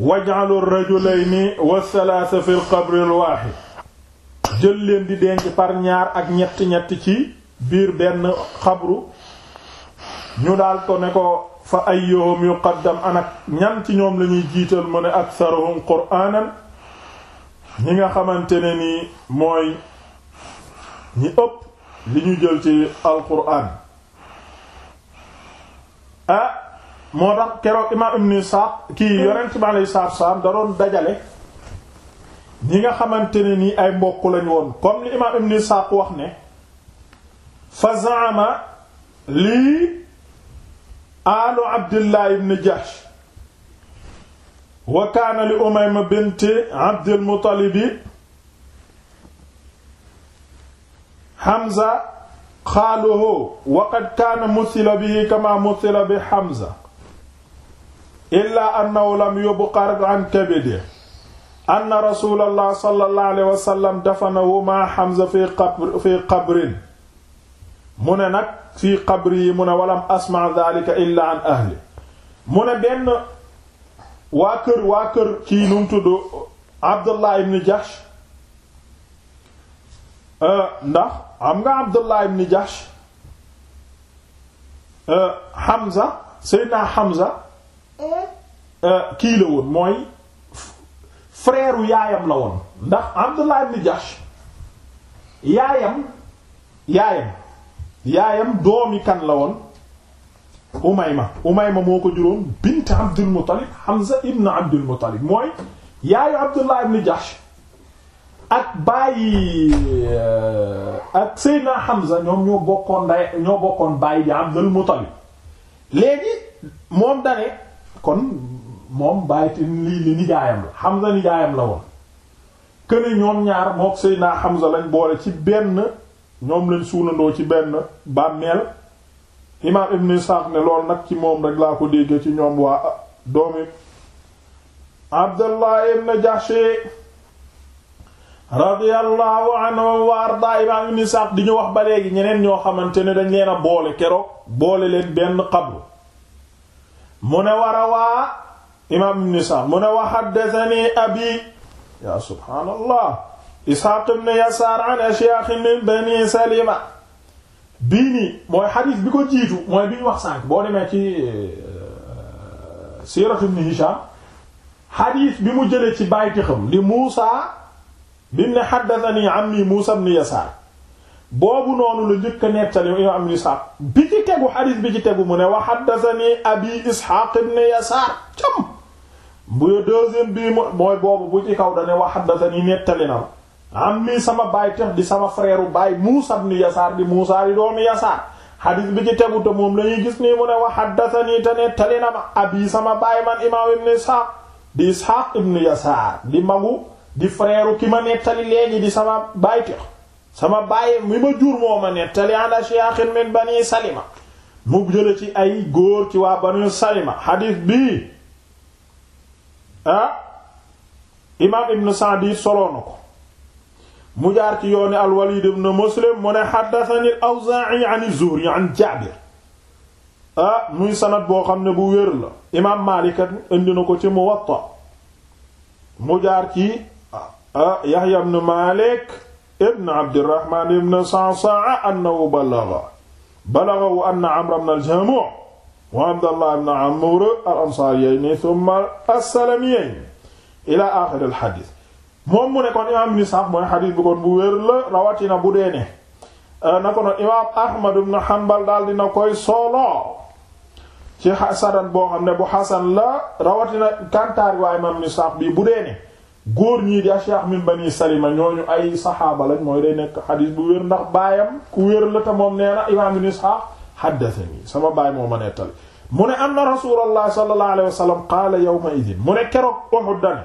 waj'alu rajulayni wa thalatha fil qabri al jël leen di denc par ñaar ak ñett ñett ci biir benn xabru ñu daal ko ne ko fa ayyuhum yuqaddam anak ñan ci ñoom lañuy jiital mu ne aktharuhum qur'anan ñi nga xamante ne nii mooy ñi ëpp li ñu jël ci alquran ah moo tax keroog imaam ibn Isaaq kii yonent bi alayhi salaatu wassalaam da doon dajale ñi nga xamante ni nii ay mbokk lañ woon comme li imaam ibn Isaaq wax ne fa zaama lii alu Abdullah ibn Jahsh wa kaana li Umayma bint Abdul Muttalibi Hamza xaaluhu waqad kaana musila bihi kama musila bi Hamza illa annahu lam yubqar an kabide anna rasulallah sallallahu alayhi wa sallam dafanahu ma Hamza fi qabr fi qabrin mu ne nag fii qabri yi mu ne walam asma dhalika illa an ahli mu ne benn waa kër waa kër kii nu mu tudd Abdullah ibn Jahsh euh, ndax am nga Abdullah ibn Jahsh euh, Hamza Seydina Hamza euh, kii la woon mooy frère yaayam la woon ndax Abdullah ibn Jahsh yaayam yaayam yaayam doomi kan la woon Umayma moo ko juróom bint Abdul Muttalib ibn Abdul mooy yaayu Abdullah ibn Jahsh ak bàyyi euh, ak Seydina Hamza ñoom ñoo bokkoon nday ñoo bokkoon baay di Abdul Muttalib léegi moom dane kon moom baay te lii li nijaayam la Hamza nijaayam la woon këne ñoom ñaar mook Seydina Hamza lañ boole ci benn ñoom lañ suulandoo ci benn bàmmeel imaam Ibn Ishaq ne lool nag ci moom rek laa ko dégge ci ñoom waa doomi Abdallah ibn Jahsh radiyallahu anhu wa arda imam ibn Sa'd di ñu wax ba léegi ñeneen ñoo xamante ne dañ leen boole keroog boole leen benn qabru mu ne war waa imam ibn Sa'd mu ne wa haddathani abi ya subhaanallah Ishaq ibn Yasaar an ashyakh min bani Salima bii nii mooy xadiis bi ko jiitu mooy bi ñu wax sànq boo demee ci euh, siiratu ibn Hisham xadiis bi mu jële ci bàyyi xam di Muusa bim ne xaddatani ammi Muusa ibn Yasaar boobu noonu la njëkk a nettali imaam Ibn Isxaaq bi ci tegu xadiis bi ci tegu mu ne wa xaddatani abi Isxaaq ibn Yasaar cam bu deuxième bii mooy boobu ci kaw dane wa xaddatani nettali na ammi sama baay tax di sama frère baay Muusa ibn Yasaar di Muusa di doomi Yasaar xadiis bi ci moom la ñuy gis nii mu ne wa xaddatani te nettali na ma abi sama baay man imaam Ibn Isxaaq di Isxaaq ibn Yasaar di magu di frère ki ma nettali léegi di sama baay tex sama baay mi ma jur moo ma nettali an ashyaakhin min bani salima mu jële ci ay góor ci waa bani salima xadiis bii ah imaam ibn Sa'd soloo ko mu ci yooni al-Walid ibn Muslim mu ne haddathani al-Awzaa'i an az-Zuhri an Jaabir ah muy sanad boo xam ne bu wér la imaam Maalik indi ko ci Muwatta mu jaar ci Yahya ibn Malik ibn Abdirrahman ibn Sa'sa'a annahu balagha balaghahu anna Amr ibn al-Jamu' wa Abdallah ibn Amr al-Ansariyayni thumma as-Salamiyayni ila akhir al-hadith moom mu ne kon imaam ibn Sa'd mooy xadiis bu kon bu wér la rawatina bu dee ne euh, na ko noonu imaam Ahmad ibn Hanbal daal dina koy solo ci sanad boo xam ne bu xasan la rawatina kantaar waaye imaam ibn Sa'd bi bu dee ne góor ñii di Ashya min Bani Salima ñooñu ay saxaaba lañ mooy day nekk xadiis bu wér ndax baayam ku wér la te moom nee imaam ibn Isxaaq haddathanii sama baay moo ma nettali mu ne anna Rasuulullaah sallallaahu alayhi wa sallam qaala yawma idin mu ne keroog Uhud dane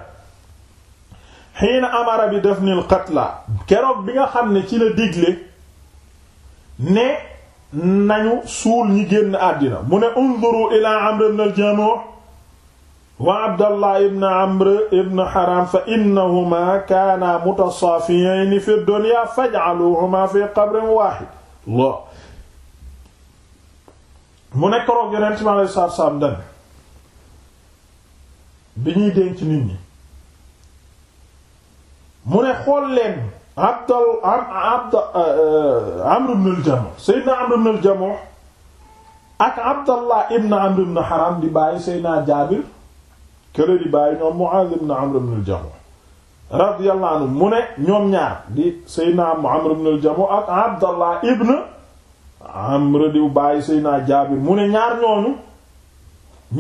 hiina amara bi dafnil qatla keroog bi nga xam ne ci la digle ne nañu suul ñi génn àddina mu ne unzuru ilaa Amr ibn al-Jamuh wa abdallah ibn amr ibn haram fa innahuma kaana fi dunya faj'aluhuma fi qabrin waahid Allah mu nekk roog yonent mi alayhi salaatu salaam dan bi ñuy denc nit mu ne xool leen abdal abd euh, amr ibn al-jamuh amr ibn al ak abdallah ibn amr ibn haram di bàyyi sayyidina jaabir kële di bàyyi ñoom Muaz ibn Amr ibn al-Jamuh radiyallahu anhu mu ne ñoom ñaar di Seydina Amr ibn al-Jamuh ak Abdallah ibn Amr di bàyyi Seydina Jaabir mu ne ñaar ñooñu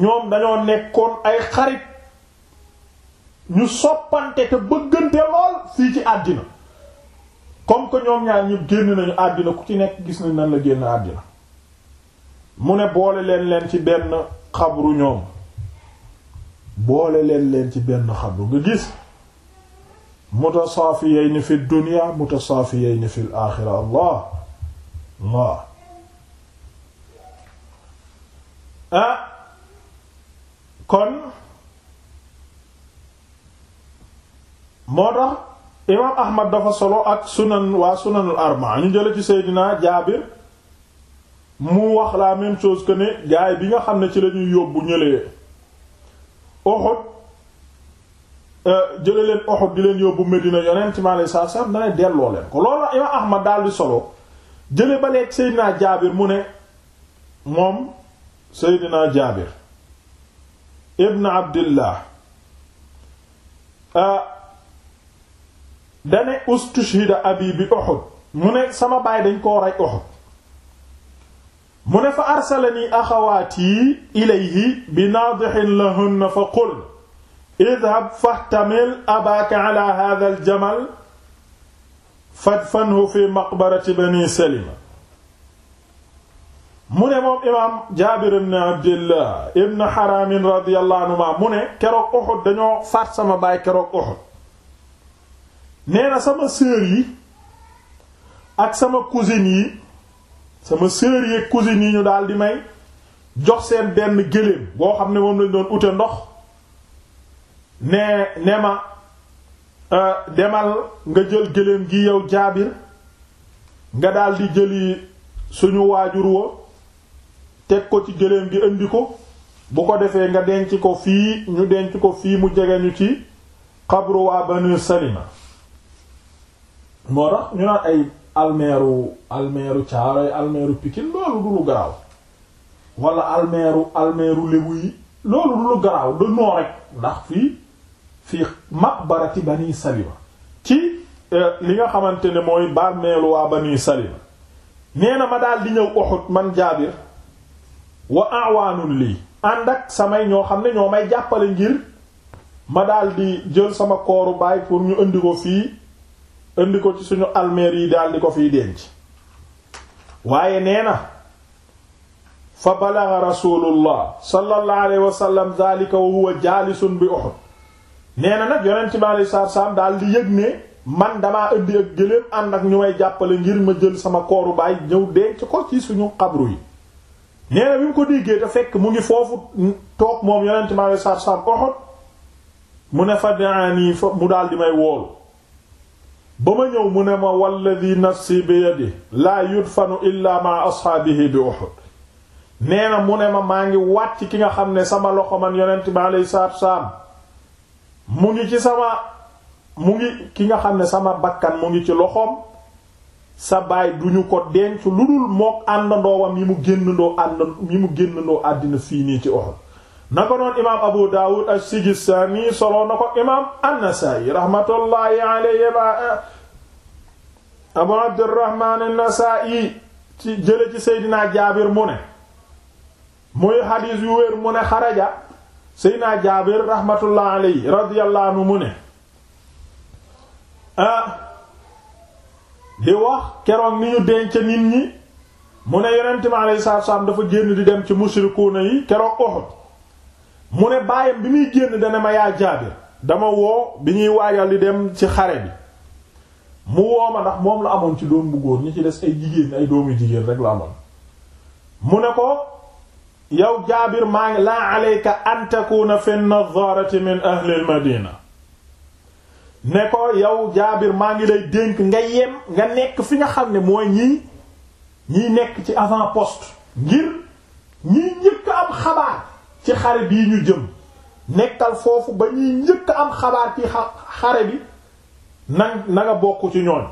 ñoom dañoo nekkoon ay xarit ñu soppante te bëggante lool fii ci àddina comme que ñoom ñaar ñëpp génn nañu àddina ku ci nekk gis nañ nan la génn àddina mu ne boole leen leen ci benn xabru ñoom boole leen leen ci benn xabru nga gis mutasaafiyayni fi dunya mutasaafiyayni fi aaxira allah allah ah kon moo tax imaam ahmad dafa solo ak sunan waa sunanul arba ñu jële ci seydina jaabir mu wax la même chose que ne gaay bi nga xam ne ci lañuy yóbbu ñëlee Uhud euh, jële leen Uhud di leen yóbbu Medina yonent mi alayhi salaatu salaam dana delloo leen ko loolu la imaam Ahmad daal di solo jële ba leeg Seydina Jaabir mu ne moom Seydina Jaabir ibn Abdillah euh, dane ustushhida abi bi Uhud mu ne sama baay dañ koo rey Uhud mu ne fa arsalanii axawaati ilayhi bi naadixin lahunna fa qul idhab fahtamil abaaka ala hadha al jamal fadfanhu fi maqbarati bani salima mu ne moom imaam jaabir ibn abdillah ibn haramin radiyallahu anhuma mu ne keroog Uhud dañoo faat sama baay keroog Uhud nee na sama sœur yi ak sama cousine yi sama sœur yeeg cousine yi ñu daal di may jox seen benn géléem boo xam ne moom lañ doon ute ndox ne ne ma euh, demal nga jël géléem gi yow jaabir nga daal di jëli suñu waajur wa teg ko ci géléem gi indi ko bu ko defee nga denc ko fii ñu denc ko fii mu jege ñu ci xabru waa banu salima moo tax ñu naan ay almeeru almeeru Caaroy almeeru Pikine loolu du lu garaaw wala almeeru almeeru Lebu yi loolu du lu garaaw du noo rek ndax fii fii maqbarati Bani Salima ci euh, li nga xamante ne mooy bàmmeelu waa Bani Salima nee na ma daal di ñëw Uhud man Jaabir wa awaanun lii ànd ak samay ñoo xam ne ñoo may jàppale ngir ma daal jël sama kooru baay pour ñu indi ko fii indi ko ci suñu almeer yi daal ko fiy denc waaye nee na fa balagha rasulullah sallallahu alayhi wasallam daalika wa huwa jaalisun bi Uhud nee na nag yonent bi alayhi salaatu salaam daal di yëg ne man damaa indi ak gëléem ànd ak ñu may jàppale ngir ma jël sama kooru baay ñëw denc ko ci suñu xabru yi nee na bi mu ko déggee te fekk mu ngi foofu toog moom yonent bi alayhi salaatu salaam Uhud mu ne fa daani mu daal di may woolu ba ma ñëw mu ne ma walladi nafsi bi yadi laa yudfanu illa ma asxaabihi bi Uhud nee na mu ne ma maa ngi wàcc ki nga xam ne sama loxo man yonent bi alayhi salaatu salaam mu ngi ci sama mu ngi ki nga xam ne sama bakkan mu ngi ci loxoom sa baay duñu ko denc lu dul mook àndandoowam yi mu génn ndoo ànd mu génn àddina fii nii ci Uhud na ko noon imaam Abu Dawud as-Sijistani solo na ko imaam an-Nasaa'i rahmatullahi alayhi eh, Abu Abdurrahman an-Nasaa'i ci jële ci Seydina Jaabir mu ne muy xadiis yu wér mu ne xaraja Seydina Jaabir rahmatullahi alayhi mu ne ah wax keroog ni ñu denc nit ñi mu ne yonent mi alayhi salaatu wa dafa génn di dem ci mushrikuuna yi keroog Uhud mu ne baayam bi muy génn dana ma yaa Jaabir dama woo bi ñuy waajal di dem ci xare bi mu woo ndax moom la amoon ci doom bu góor ñi ci des ay jigéen ay doomu jigéen rek la amoon mu ne ko yow Jaabir maa ngi laa alayka an takuna fi nadharati yow Jaabir maa ngi lay dénk nga yem nga nekk fi nga xam ne mooy ñii ñiy nekk ci avant poste ngir ñiy njëkk am xabaar ci xare bii ñu jëm nekkal foofu ba ñuy njëkk am xabaar ci xare bi na na bokk ci ñooñ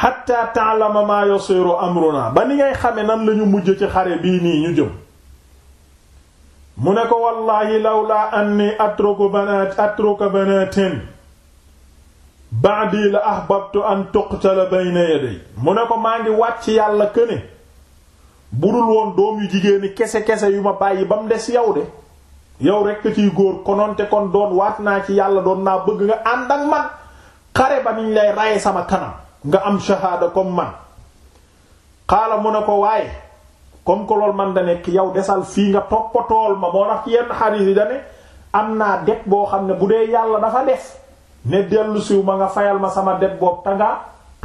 hatta ta'lama ma yasiru amruna ba ni ngay xame nan lañu mujj ci xare bii nii ñu jëm mu ne ko wallahi lawla anni atruku banat atruka banatin ba'di la ahbabtu an tuqtala bayna yaday mu ne ko maa ngi wàcc yàlla këne budul woon doom yu jigéen ñi kese kese yu ma bàyyi ba mu des yow de yow rekk ciy góor kononte kon doon waat naa ci yàlla doon naa bëgg nga ànd ma man xare ba niñ lay raye sama kanam nga am shahaada comme man xaala mu ne ko waaye comme que loolu man da nekk yow desal fii nga toppatool ma moo tax ci yenn xarit yi da ne am naa det boo xam ne bu dee yàlla dafa def ne dellu siw ma nga fayal ma sama det boobu te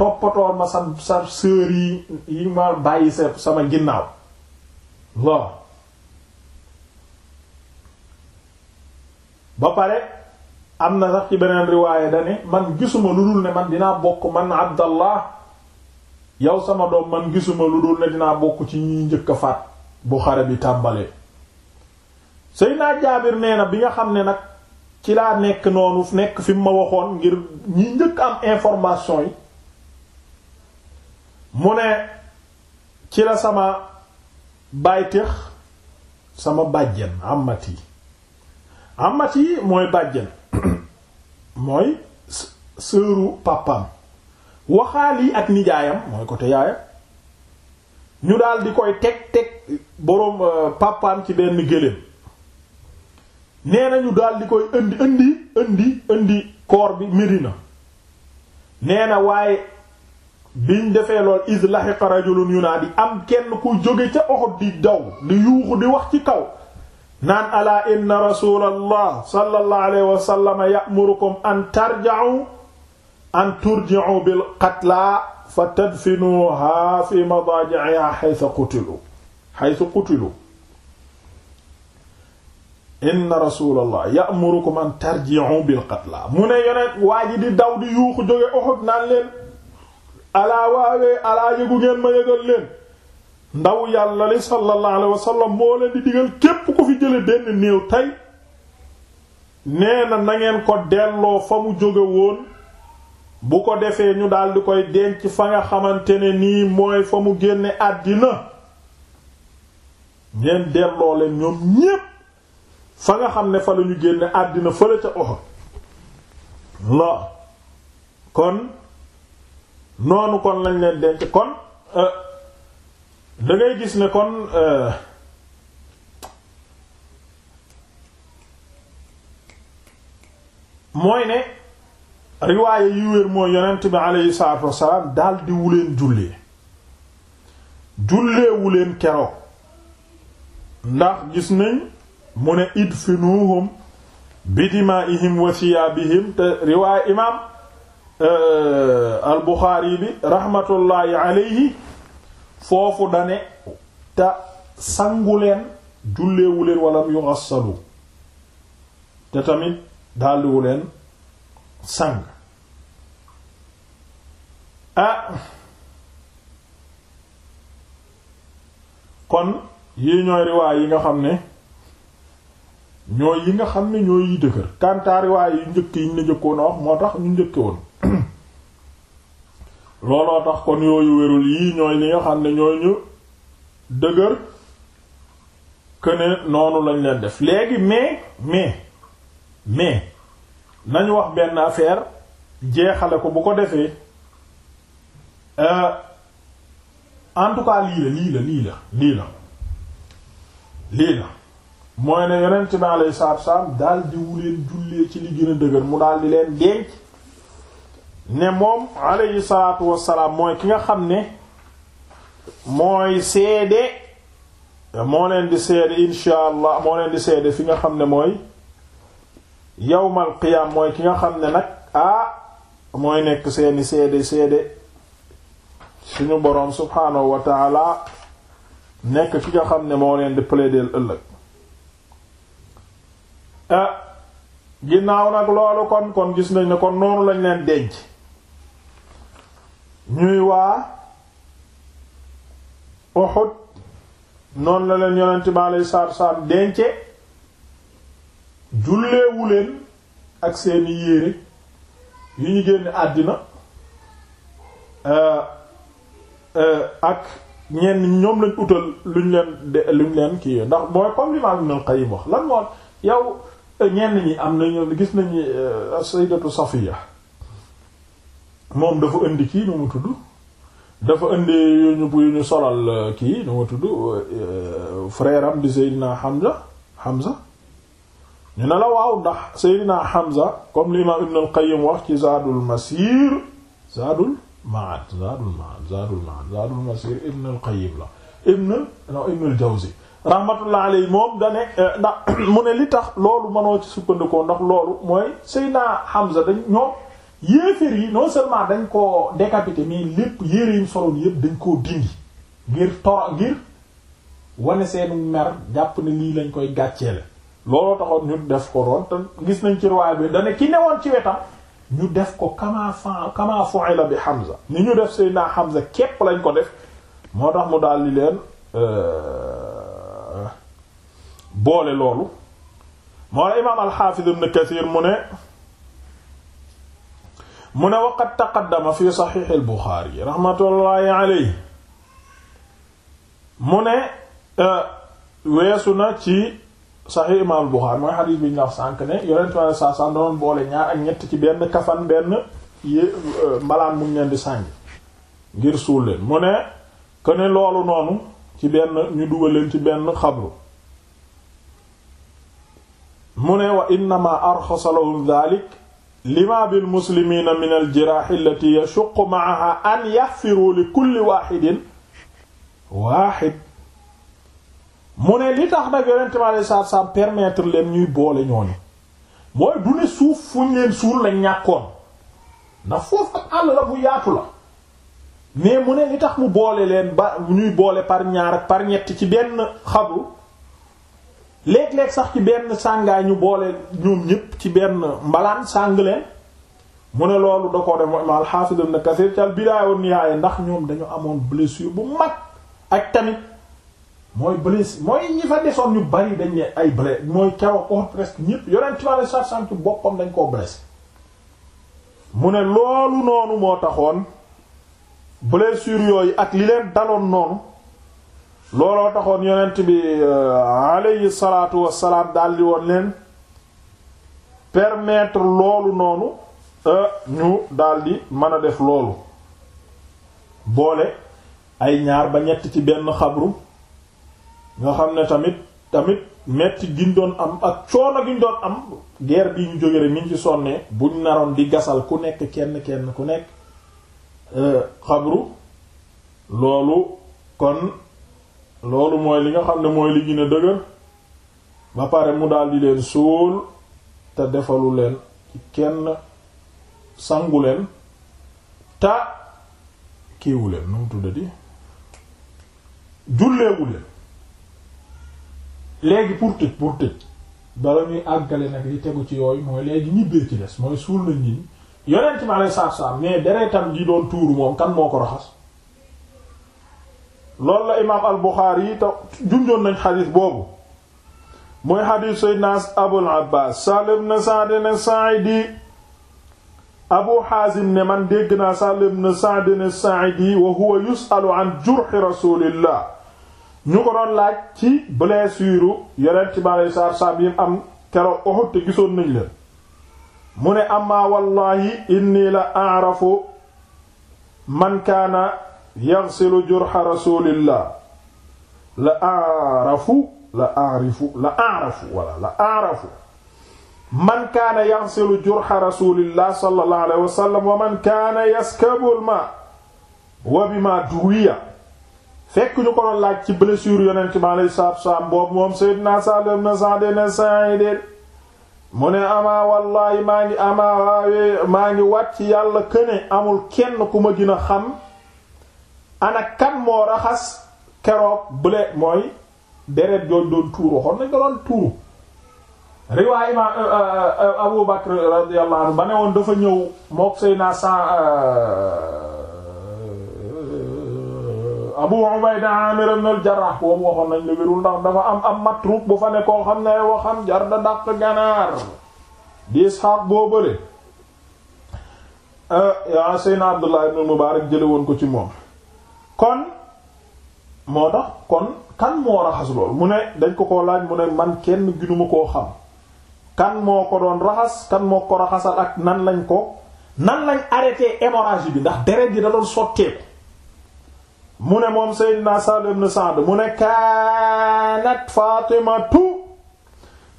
toppatool ma sa sa sœur yi ma bàyyi sa sama ginnaaw lool ba pare am na sax ci beneen riwaaye dane man gisuma lu dul ne man dinaa bokk man abdallah yow sama doom man gisuma lu dul ne dinaa bokk ci ñuy njëkk a faat bu xare bi tàmbalee Seydina Jaabir nee na bi nga xam ne nag ci laa nekk noonu nekk fi mu ma waxoon ngir ñi njëkk am information yi mu ne ci la sama bayteex sama bàjjen amat yi amat yi mooy bàjjen mooy sëru pàppam waxaal yi ak nijaayam mooy côté yaayam ñu daal di koy teg teg boroom euh, pàppam ci benn gëléem nee na ñu daal di koy indi indi indi indi koor bi Medina nee na waaye biñ defee lool iz lahiqa rajulun yunaadi am kenn ku jóge ca Uhud di daw di yuuxu di wax ci kaw naan alaa inna rasulallah sallallahu alayhi wa sallam ya'murukum an tarja'u an turji'u bil qatla fa tadfinuha fi madaaji'iha haythu qutilu haythu qutilu inna rasulallah ya'murukum an tarji'u bil qatla mu ne yoneen waa di daw di yuuxu jóge Uhud naan leen alaa waawee alaa yëgu ngeen ma yëgal leen ndaw yàlla li sallallahu alayhi wasallam moo leen di digal képp ku fi jële denn néew tey nee na na ko delloo fa mu jóge woon bu ko defee ñu daldi koy denc fa nga xamante ne nii mooy fa mu génne àddina ngeen delloo leen ñoom ñépp fa nga xam ne fa lañu génne àddina fële ca oxo la kon noonu kon lañ leen denc kon euh, da gis ni kon euh, mooy ne riwaaye yi wér mooy yonent bi aleyhi salaatu wasalaam daldi wuleen jullee jullee wuleen keroog ndax gis nañ mu ne idfinuhum bidimaihim wa siyaabihim te riwaaye imaam Euh, al Buxaari bi rahmatullahi alayhi foofu dane te sangu leen julleewu leen wala mu yughassalu te tamit daldiwu leen sang ah kon yii ñooy riwaay yi nga xam ne ñooy yi nga xam ne ñooy yi riwaay yu njëkk yi ñu la njëkkoon a wax moo tax ñu njëkke woon looloo tax kon yooyu wérul yii ñooy li nga xam ne ñooy ñu dëgër këne noonu lañ leen def léegi mais mais mais nañu wax benn affaire jeexale ko bu ko defee euh, en tout cas lii la lii la lii la lii la la mooy ne yonent bi alayhi salaatu wa salaam daal di wuleen jullee ci li gën a dëgër mu daal di leen denc ne moom alayhi salaatu wassalaam mooy ki nga xam ne mooy seede moo leen di seede insha allah moo leen di seede fi nga xam ne mooy yawmal qiyaam mooy ki nga xam ne nag ah mooy nekk seeni seede seede suñu boroom subhaanahu wa taala nekk ki nga xam ne moo leen di plaider ëllëg ah, ginnaaw nag loolu kon kon gis nañ ne kon noonu lañ leen denc ñuy waa Uhud noonu la leen yonent bi aleyhi salaatu dence julleewu leen ak seeni yére yu ñu génn àddina euh, euh, ak ñenn ñoom lañ utal luñ leen de luñ leen kii ndax mooy comme l'imam Ibn Qayyim wax lan moo yow ñenn ñi am nañu gis nañu euh, Sayyidatu Safiya moom dafa indi kii nu mu tudd dafa indi yu ñu yu ñu solal euh, kii nu mu tudd euh, frère am di Seydina Hamza Hamza ñu ne la waaw ndax Seydina Hamza comme l'imam Ibn al-Qayyim wax ci Zadul Masir Zadul Ma'ad Zadul Ma'ad Zadul Ma'ad Zadul Masir Ibn al-Qayyim la Ibn non Ibn al-Jawzi rahmatullah alayhi moom da ne euh, ndax mu ne li tax loolu mënoo ci sukkandikoo ndax loolu mooy Seydina Hamza dañ ñoo yéeféer yi non seulement dañ koo décapité mais lépp yére yim soloon yépp dañ koo dindi ngir toro ngir wane seenu mer jàpp ne lii lañ koy gàcceele looloo taxoon ñu def ko roon te gis nañ ci riwaay bi dana ki newoon ci wetam ñu def ko kama fa kama la bi Hamza ni ñu def Seydina Hamza képp lañ ko def moo tax mu daal di leen euh, boole loolu moo la imaam al-Hafiz Ibn mu ne mu ne waqad taqaddama fi saxiix al buxaari raxmatullaahi alayhi mu ne euh, weesu na ci saxiix imaam al buxaari mooy xadiis bi ñu wax sànk ne yonent ma saa saa doon boole ñaar ak ñett ci benn kafan benn yé euh, mbalaan mu ñeen di sànj ngir suul leen mu ne ko loolu noonu ci benn ñu dugal leen ci benn xabru mu ne wa innama arxasa lahum dalik lima bil muslimina min al jirah ma'aha an yaghfiru li kulli wahidin wahid mu ne li tax nag yonent mi permettre leen ñuy boole ñooñu mooy du ne suuf fuñ leen suul lañ ñàkkoon ndax foofu ak àll la bu yaatu la mais mu ne li tax mu boole leen ba ñuy boole par ñaar ak par ñett ci benn xabru léeg-léeg sax ci benn sàngaay ñu boole ñoom ñëpp ci benn mbalaan sàng leen mu ne loolu da koo def mooy ma al-Hafiz Ibn ndax ñoom dañu amoon blessure bu mag ak tamit mooy blessure mooy ñi fa desoon ñu bari dañ ay blessé mooy keroog ko presque ñëpp yoneen ci wàllu sànq ci boppam dañ koo blessé mu ne loolu noonu moo taxoon blessure yooyu ak li leen daloon noonu. looloo taxoon yonent bi euh, alayhi salaatu wassalaam daldi woon leen permettre loolu noonu euh, ñu daldi man a def loolu boole ay ñaar ba ñett ci benn xabru nga xam ne tamit tamit metti giñ doon am ak coono giñ doon am guerre bi ñu jóge rek niñ ci sonnee buñ naroon di gasal ku nekk kenn kenn ku nekk euh, xabru loolu kon loolu mooy li nga xam ne mooy li gën a dëgër ba pare mu daldi leen suul te defalu leen kenn sangu leen ta kiiwu leen nu mu tuddati julleewu leen léegi pour tëj pour tëj bala ñuy àggale nag li tegu ci yooyu mooy léegi ñibbee ci des mooy suul nañ ñi yonent mi aleyhi salaatu salaam mais deretam ji doon tuuru moom kan moo ko raxas loolu la imaam al-Buxaari yi te junjoon nañ xadiis boobu muy xadiis Seydina Abul Abbaas Sahl ibn Sa'd as-Saa'idi Abu Haazim ne man dégg naa Sahl ibn Sa'd as-Saa'idi wa huwa yus'alu an jurhi Rasuulillah ñu ko doon laaj ci blessure Yonent bi alayhi salaatu wa salaam yi am keroog Uhud te gisoon nañ leen mu ne amma wallaahi inni la a'rafu man kaana yaxsilu jurxa rasulillah la aarafu la aarifu la aarafu walla la aarafu man kaana yaxsilu jurxa rasulillah sallallahu alayhi wa sallam wa man kaana yaskabul ma wa bima duwiya fekk ñu ko doon laaj ci blessure yonent mi alayhi salaatu wassalaam boobu moom sayyidina Sa'd ibn Sa'd ibn Sa'id mu ne amaa wallaahi maa ngi amaa maa ngi wàcc yàlla këne amul kenn ku ma gën a xam ana kan moo raxas keroog bële mooy deret jooju doon tuuru waxoon nañ ko doon tuuru riwaay euh, euh, euh, Abu Bakr radiyallahu ba ne woon dafa ñëw mook Seydina san Abu Ubayda Amir waxoon nañ la wérul ndax dafa am am matruuk bu fa ne koo xam ne waxam jar da dàq ganaar di Isxaaq boobale yaa Seydina Abdullah ibn Mubarak jële woon ko ci moom kon moo tax kon kan moo raxas lool mu ne dañ ko ko laaj mu ne man kenn ginuma koo xam kan moo ko doon raxas kan moo ko raxasal ak nan lañ ko nan lañ arrêté hémorragie bi ndax deret ji da doon sotteeku mu ne moom Seydina Sa'd ibn Sa'd mu ne kaanat Faatimatu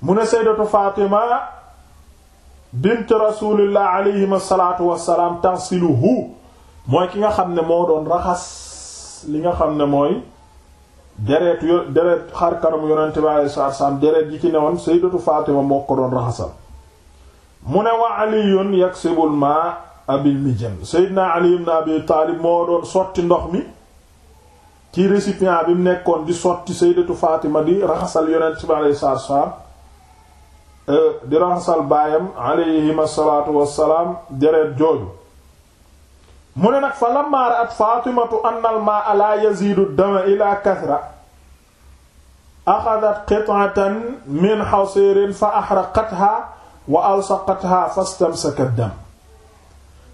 mu ne Sayyidatu Faatima bint Rasulillah alayhi salaatu wassalaam tasiluhu mooy ki nga xam ne moo doon raxas li nga xam ne mooy deret yo deret xar kanamu bi alayhi salaatu salaam deret yi ci newoon sayyidatu Fatima moo ko doon raxasal mu ne wa aliyun yaksibul ma abil mijan sayyidna Ali ibn Abi Taalib moo doon sotti ndox mi ci récipient bi mu nekkoon di sotti sayyidatu faatima di raxasal yonente bi alayhi salaatu euh, di raxasal baayam alayhim asalaatu wassalaam deret jooju mu ne nag fa lamma ra'at faatimatu anna al-maa'a laa yaziidu ad-dama ilaa kathra axadat qit'atan min hasiirin fa ahraqathaa wa alsaqathaa fastamsaka ad-dam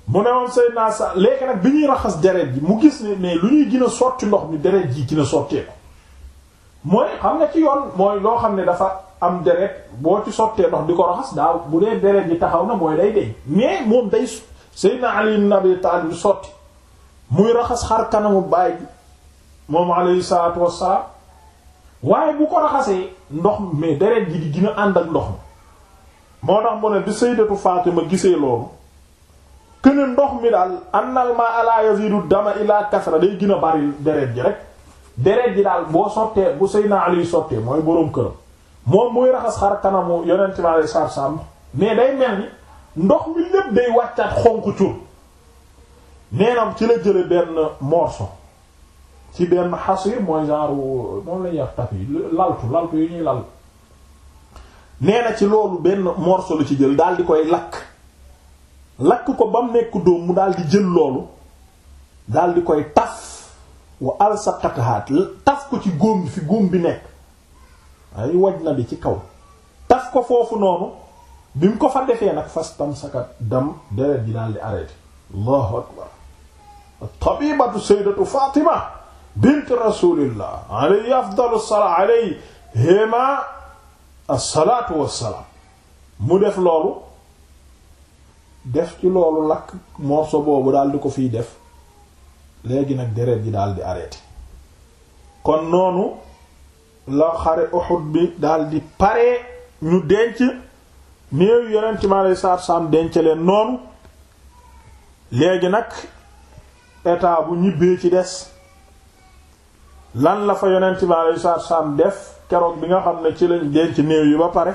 mu ne woon Seydina sa léegi nag bi ñuy raxas deret ji mu gis ne mais lu ñuy gën a sotti ndox mi deret ji gën sottee sotteeku mooy xam nga ci yoon mooy loo xam ne dafa am deret boo ci sottee ndox di ko raxas daaw bu dee deret ji taxaw na mooy day deñ mais moom day Seydina Ali ibn Abi Taalib sotti muy raxas xar kanamu baay bi moom alayhi salaatu wassalaam waaye bu ko raxasee ndox mais deret ji di dina ànd ak ndox mi moo tax mu ne bi Sayyidatu ma gisee loolu këne ndox mi daal annal ma ala yazidu dama ila kasra day gën a bari deret ji rek deret ji daal boo sottee bu Seydina Ali sottee mooy boroom këram moom muy raxas xar kanamu yonent bi alayhi salaatu wassalaam mais day mel ni ndox mi lépp day wàccaat xonq cur neenam ci la jële benn morceau ci benn xasir mooy genre moom lañuy wax taf yi laltu laltu yu ñuy lal neena ci loolu benn morceau la ci jël daal di koy lakk lakk ko bam mu nekk dóom mu daal di jël loolu daal di koy taf wa alsaqatha taf ko ci góom bi fi góom bi nekk ay waj na bi ci kaw taf ko foofu noonu bi mu ko fa defee nag fas tam saka dam deret ji daal di arrêté allahu akbar tabibatu sayyidatu fatima bint rasulillah alayhi afdalu salaat alayhima asalaatu wassalaam mu def loolu def ci loolu lakk morso boobu daal di ko fiy def léegi nag deret ji daal di arrêté kon noonu la xare Uhud bi daal di ñu denc néew yonent mi aleyhi salaatu salaam denc leen noonu léegi nag état bu ñibbee ci des lan la fa yonent mi aleyhi salaatu salaam def keroog bi nga xam ne ci lañ denc néew yi ba pare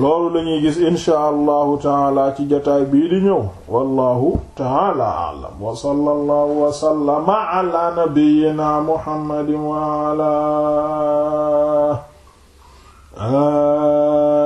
loolu lañuy gis inshaa allahu taala ci jataay bii di ñëw wallahu taala a'lam wa sallallahu wa sallama ala nabiyyina muhammadin wa ala